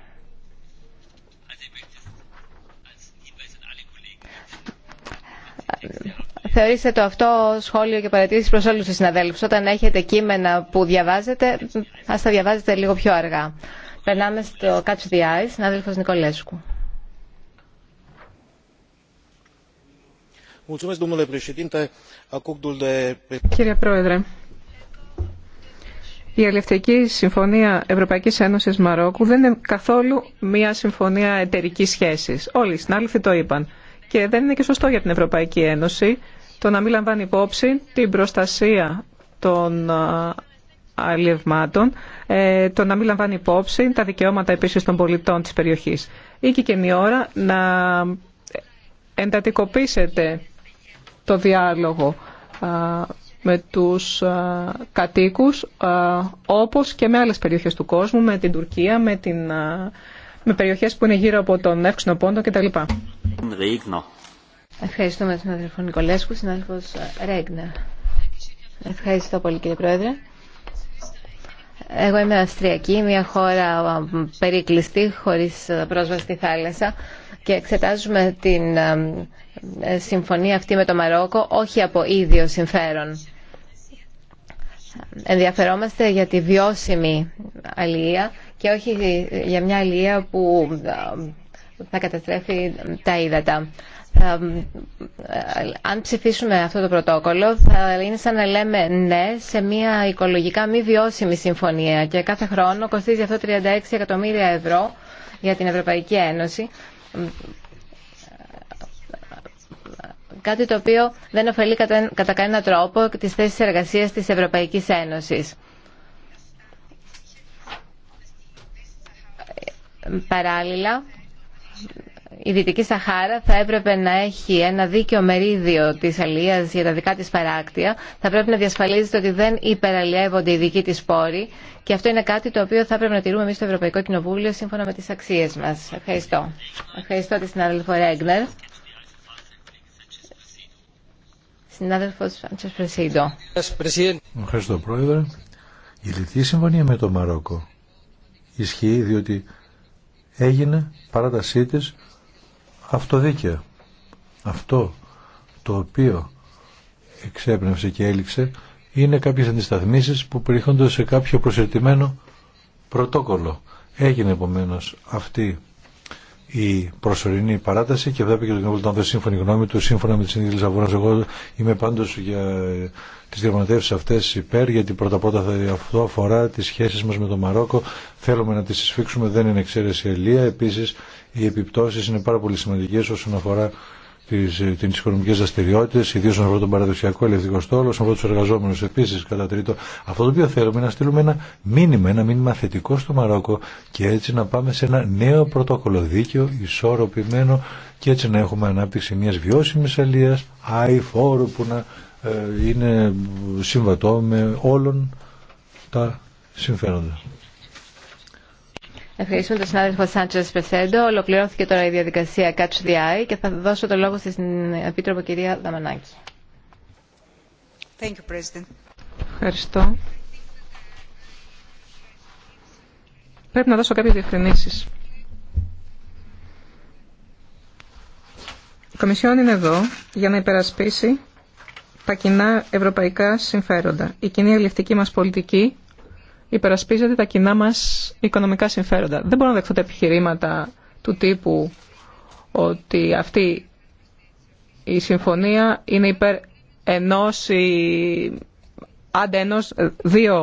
B: θεωρήστε το αυτό σχόλιο και παρατήρηση προς όλους τους συναδέλφους. Όταν έχετε κείμενα που διαβάζετε, ας τα διαβάζετε λίγο πιο αργά. Περνάμε στο Catch the Eye, συνάδελφος Νικολέσκου.
A: Κύριε
C: Πρόεδρε, η Αλληλευτική Συμφωνία Ευρωπαϊκής Ένωσης Μαρόκου δεν είναι καθόλου μια συμφωνία εταιρικής σχέσης. Όλοι οι συνάδελφοι το είπαν και δεν είναι και σωστό για την Ευρωπαϊκή Ένωση το να μην λαμβάνει υπόψη την προστασία των αλλιευμάτων, ε, το να μην λαμβάνει υπόψη τα δικαιώματα επίσης των πολιτών της περιοχής. Ήκε και η ώρα να εντατικοποιήσετε το διάλογο με τους κατοίκους, όπως και με άλλες περιοχές του κόσμου, με την Τουρκία, με, την, με περιοχές που είναι γύρω από τον Εύξηνο Πόντο κτλ.
B: Ευχαριστούμε τον συνάδελφο Νικολέσκου, συνάδελφο Ρέγνα. Ευχαριστώ πολύ κύριε Πρόεδρε. Εγώ είμαι Αυστριακή, μια χώρα περίκλειστη, χωρίς πρόσβαση στη θάλασσα και εξετάζουμε την συμφωνία αυτή με το Μαρόκο όχι από ίδιο συμφέρον. Ενδιαφερόμαστε για τη βιώσιμη αλληλεία και όχι για μια αλληλεία που θα καταστρέφει τα ύδατα. Ε, αν ψηφίσουμε αυτό το πρωτόκολλο θα είναι σαν να λέμε ναι σε μια οικολογικά μη βιώσιμη συμφωνία και κάθε χρόνο κοστίζει αυτό 36 εκατομμύρια ευρώ για την Ευρωπαϊκή Ένωση κάτι το οποίο δεν ωφελεί κατά, κατά κανένα τρόπο τις θέσεις εργασίας της Ευρωπαϊκής Ένωσης. Παράλληλα, η Δυτική Σαχάρα θα έπρεπε να έχει ένα δίκαιο μερίδιο τη αλληλεία για τα δικά τη παράκτια. Θα πρέπει να διασφαλίζεται ότι δεν υπεραλλεύονται οι δικοί τη πόροι. Και αυτό είναι κάτι το οποίο θα πρέπει να τηρούμε εμεί στο Ευρωπαϊκό Κοινοβούλιο σύμφωνα με τι αξίε μα. Ευχαριστώ. Ευχαριστώ τη συνάδελφο Ρέγκνερ. Συνάδελφο Φάντσο Πρεσίντο.
A: Ευχαριστώ, Πρόεδρε. Η Λιτή Συμφωνία με το Μαρόκο ισχύει διότι έγινε παράτασή της αυτοδίκαια. Αυτό το οποίο εξέπνευσε και έληξε είναι κάποιες αντισταθμίσεις που περιέχονται σε κάποιο προσερτημένο πρωτόκολλο. Έγινε επομένως αυτή η προσωρινή παράταση και βέβαια και τον Κοινοβούλιο ήταν σύμφωνη γνώμη του, σύμφωνα με τη συνήθεια Εγώ είμαι πάντω για τι διαπραγματεύσει αυτέ υπέρ, γιατί πρώτα πρώτα θα αυτό αφορά τι σχέσει μα με το Μαρόκο. Θέλουμε να τι σφίξουμε, δεν είναι εξαίρεση ελία. Επίση, οι επιπτώσει είναι πάρα πολύ σημαντικέ όσον αφορά τις, οικονομικέ ε, οικονομικές δραστηριότητες, ιδίως όσον αφορά τον παραδοσιακό ελευθερικό στόλο, όσον αφορά τους εργαζόμενους επίσης κατά τρίτο. Αυτό το οποίο θέλουμε είναι να στείλουμε ένα μήνυμα, ένα μήνυμα θετικό στο Μαρόκο και έτσι να πάμε σε ένα νέο πρωτόκολλο δίκαιο, ισορροπημένο και έτσι να έχουμε ανάπτυξη μιας βιώσιμης αλίας, αηφόρου που να ε, είναι συμβατό με όλων τα συμφέροντα.
B: Ευχαριστούμε τον συνάδελφο Σάντζε Περσέντο. Ολοκληρώθηκε τώρα η διαδικασία Catch the Eye και θα δώσω το λόγο στην Επίτροπο κυρία Δαμανάκη. Ευχαριστώ.
C: Πρέπει να δώσω κάποιε διευκρινήσει. Η Κομισιόν είναι εδώ για να υπερασπίσει τα κοινά ευρωπαϊκά συμφέροντα. Η κοινή αλληλευτική μας πολιτική υπερασπίζεται τα κοινά μας οικονομικά συμφέροντα. Δεν μπορώ να δεχθώ τα επιχειρήματα του τύπου ότι αυτή η συμφωνία είναι υπέρ ενός ή άντε δύο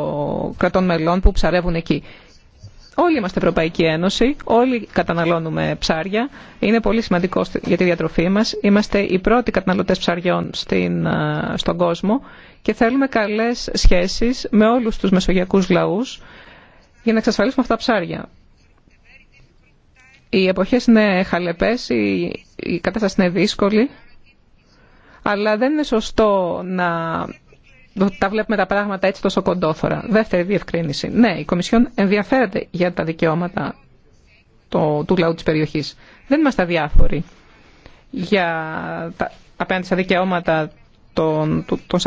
C: κρατών μελών που ψαρεύουν εκεί. Όλοι είμαστε Ευρωπαϊκή Ένωση, όλοι καταναλώνουμε ψάρια. Είναι πολύ σημαντικό για τη διατροφή μας. Είμαστε οι πρώτοι καταναλωτές ψαριών στην, ε, στον κόσμο και θέλουμε καλές σχέσεις με όλους τους μεσογειακούς λαούς για να εξασφαλίσουμε αυτά τα ψάρια. Οι εποχές είναι χαλεπές, η, η κατάσταση είναι δύσκολη, αλλά δεν είναι σωστό να τα βλέπουμε τα πράγματα έτσι τόσο κοντόθωρα. Δεύτερη διευκρίνηση. Ναι, η Κομισιόν ενδιαφέρεται για τα δικαιώματα το, του λαού της περιοχής. Δεν είμαστε αδιάφοροι για τα, απέναντι στα δικαιώματα των, του, των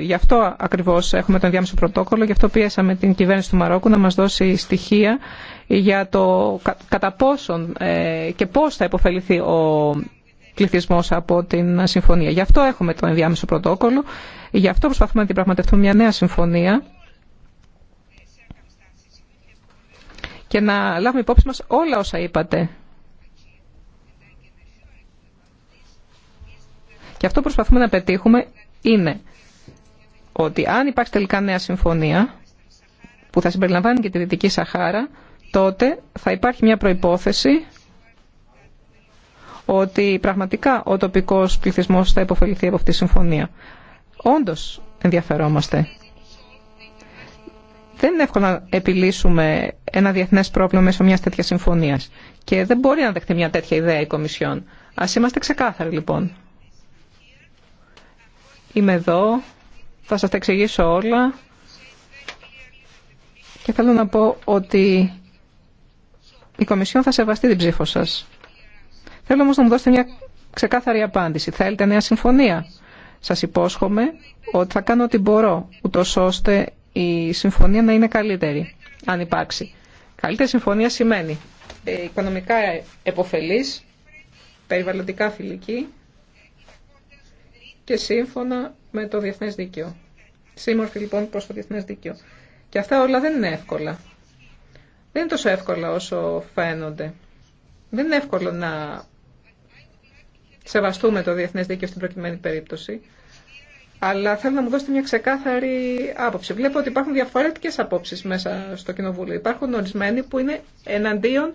C: Γι' αυτό ακριβώς έχουμε το διάμεσο πρωτόκολλο, γι' αυτό πιέσαμε την κυβέρνηση του Μαρόκου να μας δώσει στοιχεία για το κατά πόσον ε, και πώς θα υποφεληθεί ο πληθυσμός από την συμφωνία. Γι' αυτό έχουμε το διάμεσο πρωτόκολλο Γι' αυτό προσπαθούμε να διαπραγματευτούμε μια νέα συμφωνία και να λάβουμε υπόψη μας όλα όσα είπατε. Και αυτό που προσπαθούμε να πετύχουμε είναι ότι αν υπάρξει τελικά νέα συμφωνία που θα συμπεριλαμβάνει και τη Δυτική Σαχάρα, τότε θα υπάρχει μια προϋπόθεση ότι πραγματικά ο τοπικός πληθυσμός θα υποφεληθεί από αυτή τη συμφωνία όντως ενδιαφερόμαστε. Δεν είναι εύκολο να επιλύσουμε ένα διεθνές πρόβλημα μέσω μιας τέτοιας συμφωνίας. Και δεν μπορεί να δεχτεί μια τέτοια ιδέα η Κομισιόν. Ας είμαστε ξεκάθαροι λοιπόν. Είμαι εδώ, θα σας τα εξηγήσω όλα. Και θέλω να πω ότι η Κομισιόν θα σεβαστεί την ψήφο σας. Θέλω όμως να μου δώσετε μια ξεκάθαρη απάντηση. Θέλετε νέα συμφωνία σας υπόσχομαι ότι θα κάνω ό,τι μπορώ, ούτως ώστε η συμφωνία να είναι καλύτερη, αν υπάρξει. Καλύτερη συμφωνία σημαίνει ε, οικονομικά εποφελής, περιβαλλοντικά φιλική και σύμφωνα με το διεθνές δίκαιο. Σύμμορφη λοιπόν προς το διεθνές δίκαιο. Και αυτά όλα δεν είναι εύκολα. Δεν είναι τόσο εύκολα όσο φαίνονται. Δεν είναι εύκολο να σεβαστούμε το διεθνές δίκαιο στην προκειμένη περίπτωση. Αλλά θέλω να μου δώσετε μια ξεκάθαρη άποψη. Βλέπω ότι υπάρχουν διαφορετικέ απόψει μέσα στο Κοινοβούλιο. Υπάρχουν ορισμένοι που είναι εναντίον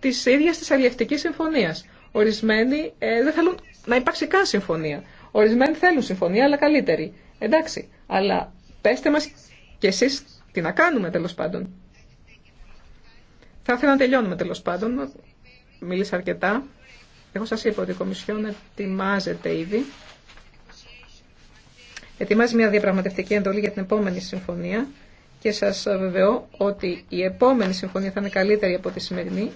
C: τη ίδια τη Αλλιευτική συμφωνία. Ορισμένοι ε, δεν θέλουν να υπάρξει καν συμφωνία. Ορισμένοι θέλουν συμφωνία, αλλά καλύτερη. Εντάξει, αλλά πέστε μα κι εσεί τι να κάνουμε τέλο πάντων. Θα ήθελα να τελειώνουμε τέλο πάντων. Μίλησα αρκετά. Εγώ σας είπα ότι η Κομισιόν ετοιμάζεται ήδη. Ετοιμάζει μια διαπραγματευτική εντολή για την επόμενη συμφωνία και σας βεβαιώ ότι η επόμενη συμφωνία θα είναι καλύτερη από τη σημερινή,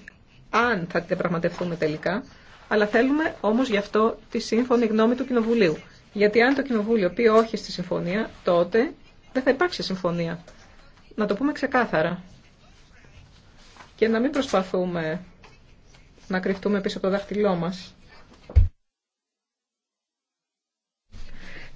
C: αν θα την διαπραγματευτούμε τελικά, αλλά θέλουμε όμως γι' αυτό τη σύμφωνη γνώμη του Κοινοβουλίου. Γιατί αν το Κοινοβούλιο πει όχι στη συμφωνία, τότε δεν θα υπάρξει συμφωνία. Να το πούμε ξεκάθαρα. Και να μην προσπαθούμε να κρυφτούμε πίσω από το δάχτυλό μας.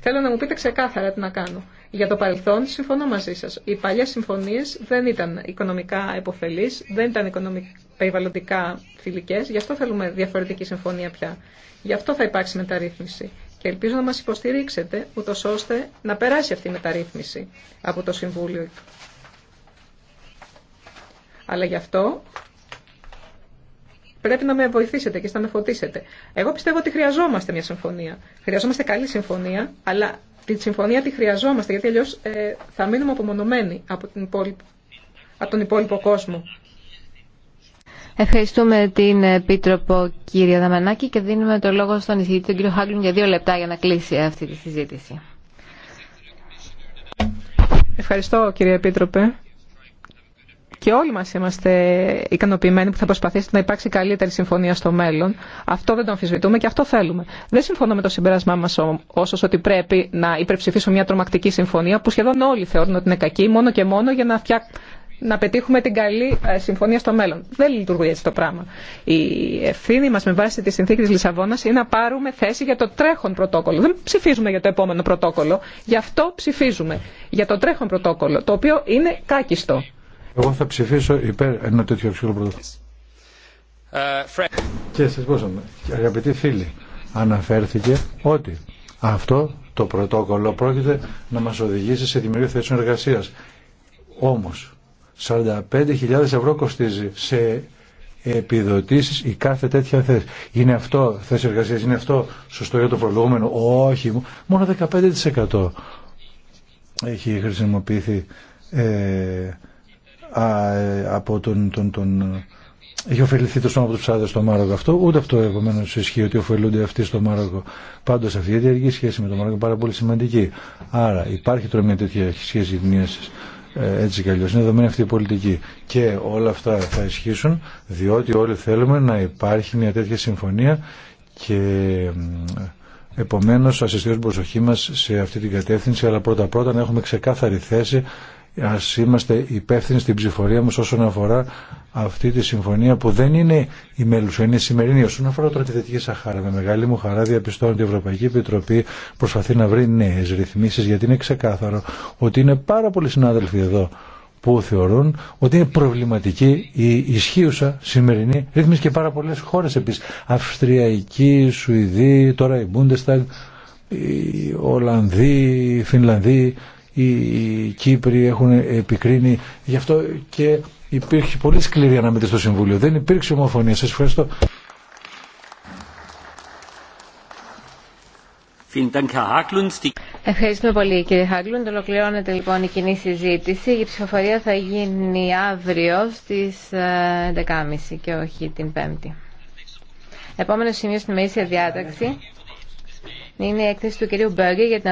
C: Θέλω να μου πείτε ξεκάθαρα τι να κάνω. Για το παρελθόν συμφωνώ μαζί σας. Οι παλιές συμφωνίες δεν ήταν οικονομικά επωφελείς, δεν ήταν οικονομικά περιβαλλοντικά φιλικές, γι' αυτό θέλουμε διαφορετική συμφωνία πια. Γι' αυτό θα υπάρξει μεταρρύθμιση. Και ελπίζω να μας υποστηρίξετε, ούτω ώστε να περάσει αυτή η μεταρρύθμιση από το Συμβούλιο. Αλλά γι' αυτό πρέπει να με βοηθήσετε και να με φωτίσετε. Εγώ πιστεύω ότι χρειαζόμαστε μια συμφωνία. Χρειαζόμαστε καλή συμφωνία, αλλά τη συμφωνία τη χρειαζόμαστε, γιατί αλλιώ ε, θα μείνουμε απομονωμένοι από, την από τον υπόλοιπο κόσμο.
B: Ευχαριστούμε την Επίτροπο κύριε Δαμανάκη και δίνουμε το λόγο στον εισηγητή του κύριο Χάγκλουν για δύο λεπτά για να κλείσει αυτή τη συζήτηση.
C: Ευχαριστώ κύριε Επίτροπε και όλοι μας είμαστε ικανοποιημένοι που θα προσπαθήσουμε να υπάρξει καλύτερη συμφωνία στο μέλλον. Αυτό δεν το αμφισβητούμε και αυτό θέλουμε. Δεν συμφωνώ με το συμπέρασμά μας όσο ότι πρέπει να υπερψηφίσουμε μια τρομακτική συμφωνία που σχεδόν όλοι θεωρούν ότι είναι κακή μόνο και μόνο για να, πετύχουμε την καλή ε, συμφωνία στο μέλλον. Δεν λειτουργεί έτσι το πράγμα. Η ευθύνη μα με βάση τη συνθήκη τη Λισαβόνα είναι να πάρουμε θέση για το τρέχον πρωτόκολλο. Δεν ψηφίζουμε για το επόμενο πρωτόκολλο. Γι' αυτό ψηφίζουμε για το τρέχον πρωτόκολλο, το οποίο είναι κάκιστο.
A: Εγώ θα ψηφίσω υπέρ ένα τέτοιο ψυχικό πρωτόκολλο. Ε, Και σας πω, αγαπητοί φίλοι, αναφέρθηκε ότι αυτό το πρωτόκολλο πρόκειται να μας οδηγήσει σε δημιουργία θέσεων εργασίας. Όμως, 45.000 ευρώ κοστίζει σε επιδοτήσεις η κάθε τέτοια θέση. Είναι αυτό θέση εργασία, είναι αυτό σωστό για το προλογούμενο. Όχι, μόνο 15% έχει χρησιμοποιηθεί ε, ε, από τον, τον, τον... Ε, έχει ωφεληθεί το σώμα από του ψάδε στο Μάροκο αυτό, ούτε αυτό επομένω ισχύει ότι ωφελούνται αυτοί στο Μάροκο. Πάντω αυτή η διαρκή σχέση με το Μάροκο είναι πάρα πολύ σημαντική. Άρα υπάρχει τώρα μια τέτοια σχέση γνίαση ε, έτσι κι Είναι δεδομένη αυτή η πολιτική. Και όλα αυτά θα ισχύσουν διότι όλοι θέλουμε να υπάρχει μια τέτοια συμφωνία και επομένω ας προσοχή μα σε αυτή την κατεύθυνση αλλά πρώτα πρώτα να έχουμε ξεκάθαρη θέση ας είμαστε υπεύθυνοι στην ψηφορία μας όσον αφορά αυτή τη συμφωνία που δεν είναι η μέλουσα, είναι η σημερινή. Όσον αφορά τώρα τη Δυτική Σαχάρα, με μεγάλη μου χαρά διαπιστώνω ότι η Ευρωπαϊκή Επιτροπή προσπαθεί να βρει νέε ρυθμίσει, γιατί είναι ξεκάθαρο ότι είναι πάρα πολλοί συνάδελφοι εδώ που θεωρούν ότι είναι προβληματική η ισχύουσα σημερινή ρύθμιση και πάρα πολλέ χώρε επίση. Αυστριακή, Σουηδή, τώρα η Bundestag, οι Ολλανδοί, οι Κύπροι έχουν επικρίνει. Γι' αυτό και υπήρχε πολύ σκληρή αναμετή στο Συμβούλιο. Δεν υπήρξε ομοφωνία. Σας ευχαριστώ.
B: Ευχαριστούμε πολύ κύριε Χάγκλουντ. Ολοκληρώνεται λοιπόν η κοινή συζήτηση. Η ψηφοφορία θα γίνει αύριο στις 11.30 ε, και όχι την 5η. Επόμενο σημείο στην ημερήσια διάταξη είναι η επομενο σημειο στην μεισια διαταξη ειναι η εκθεση του κυρίου Μπέργκε για την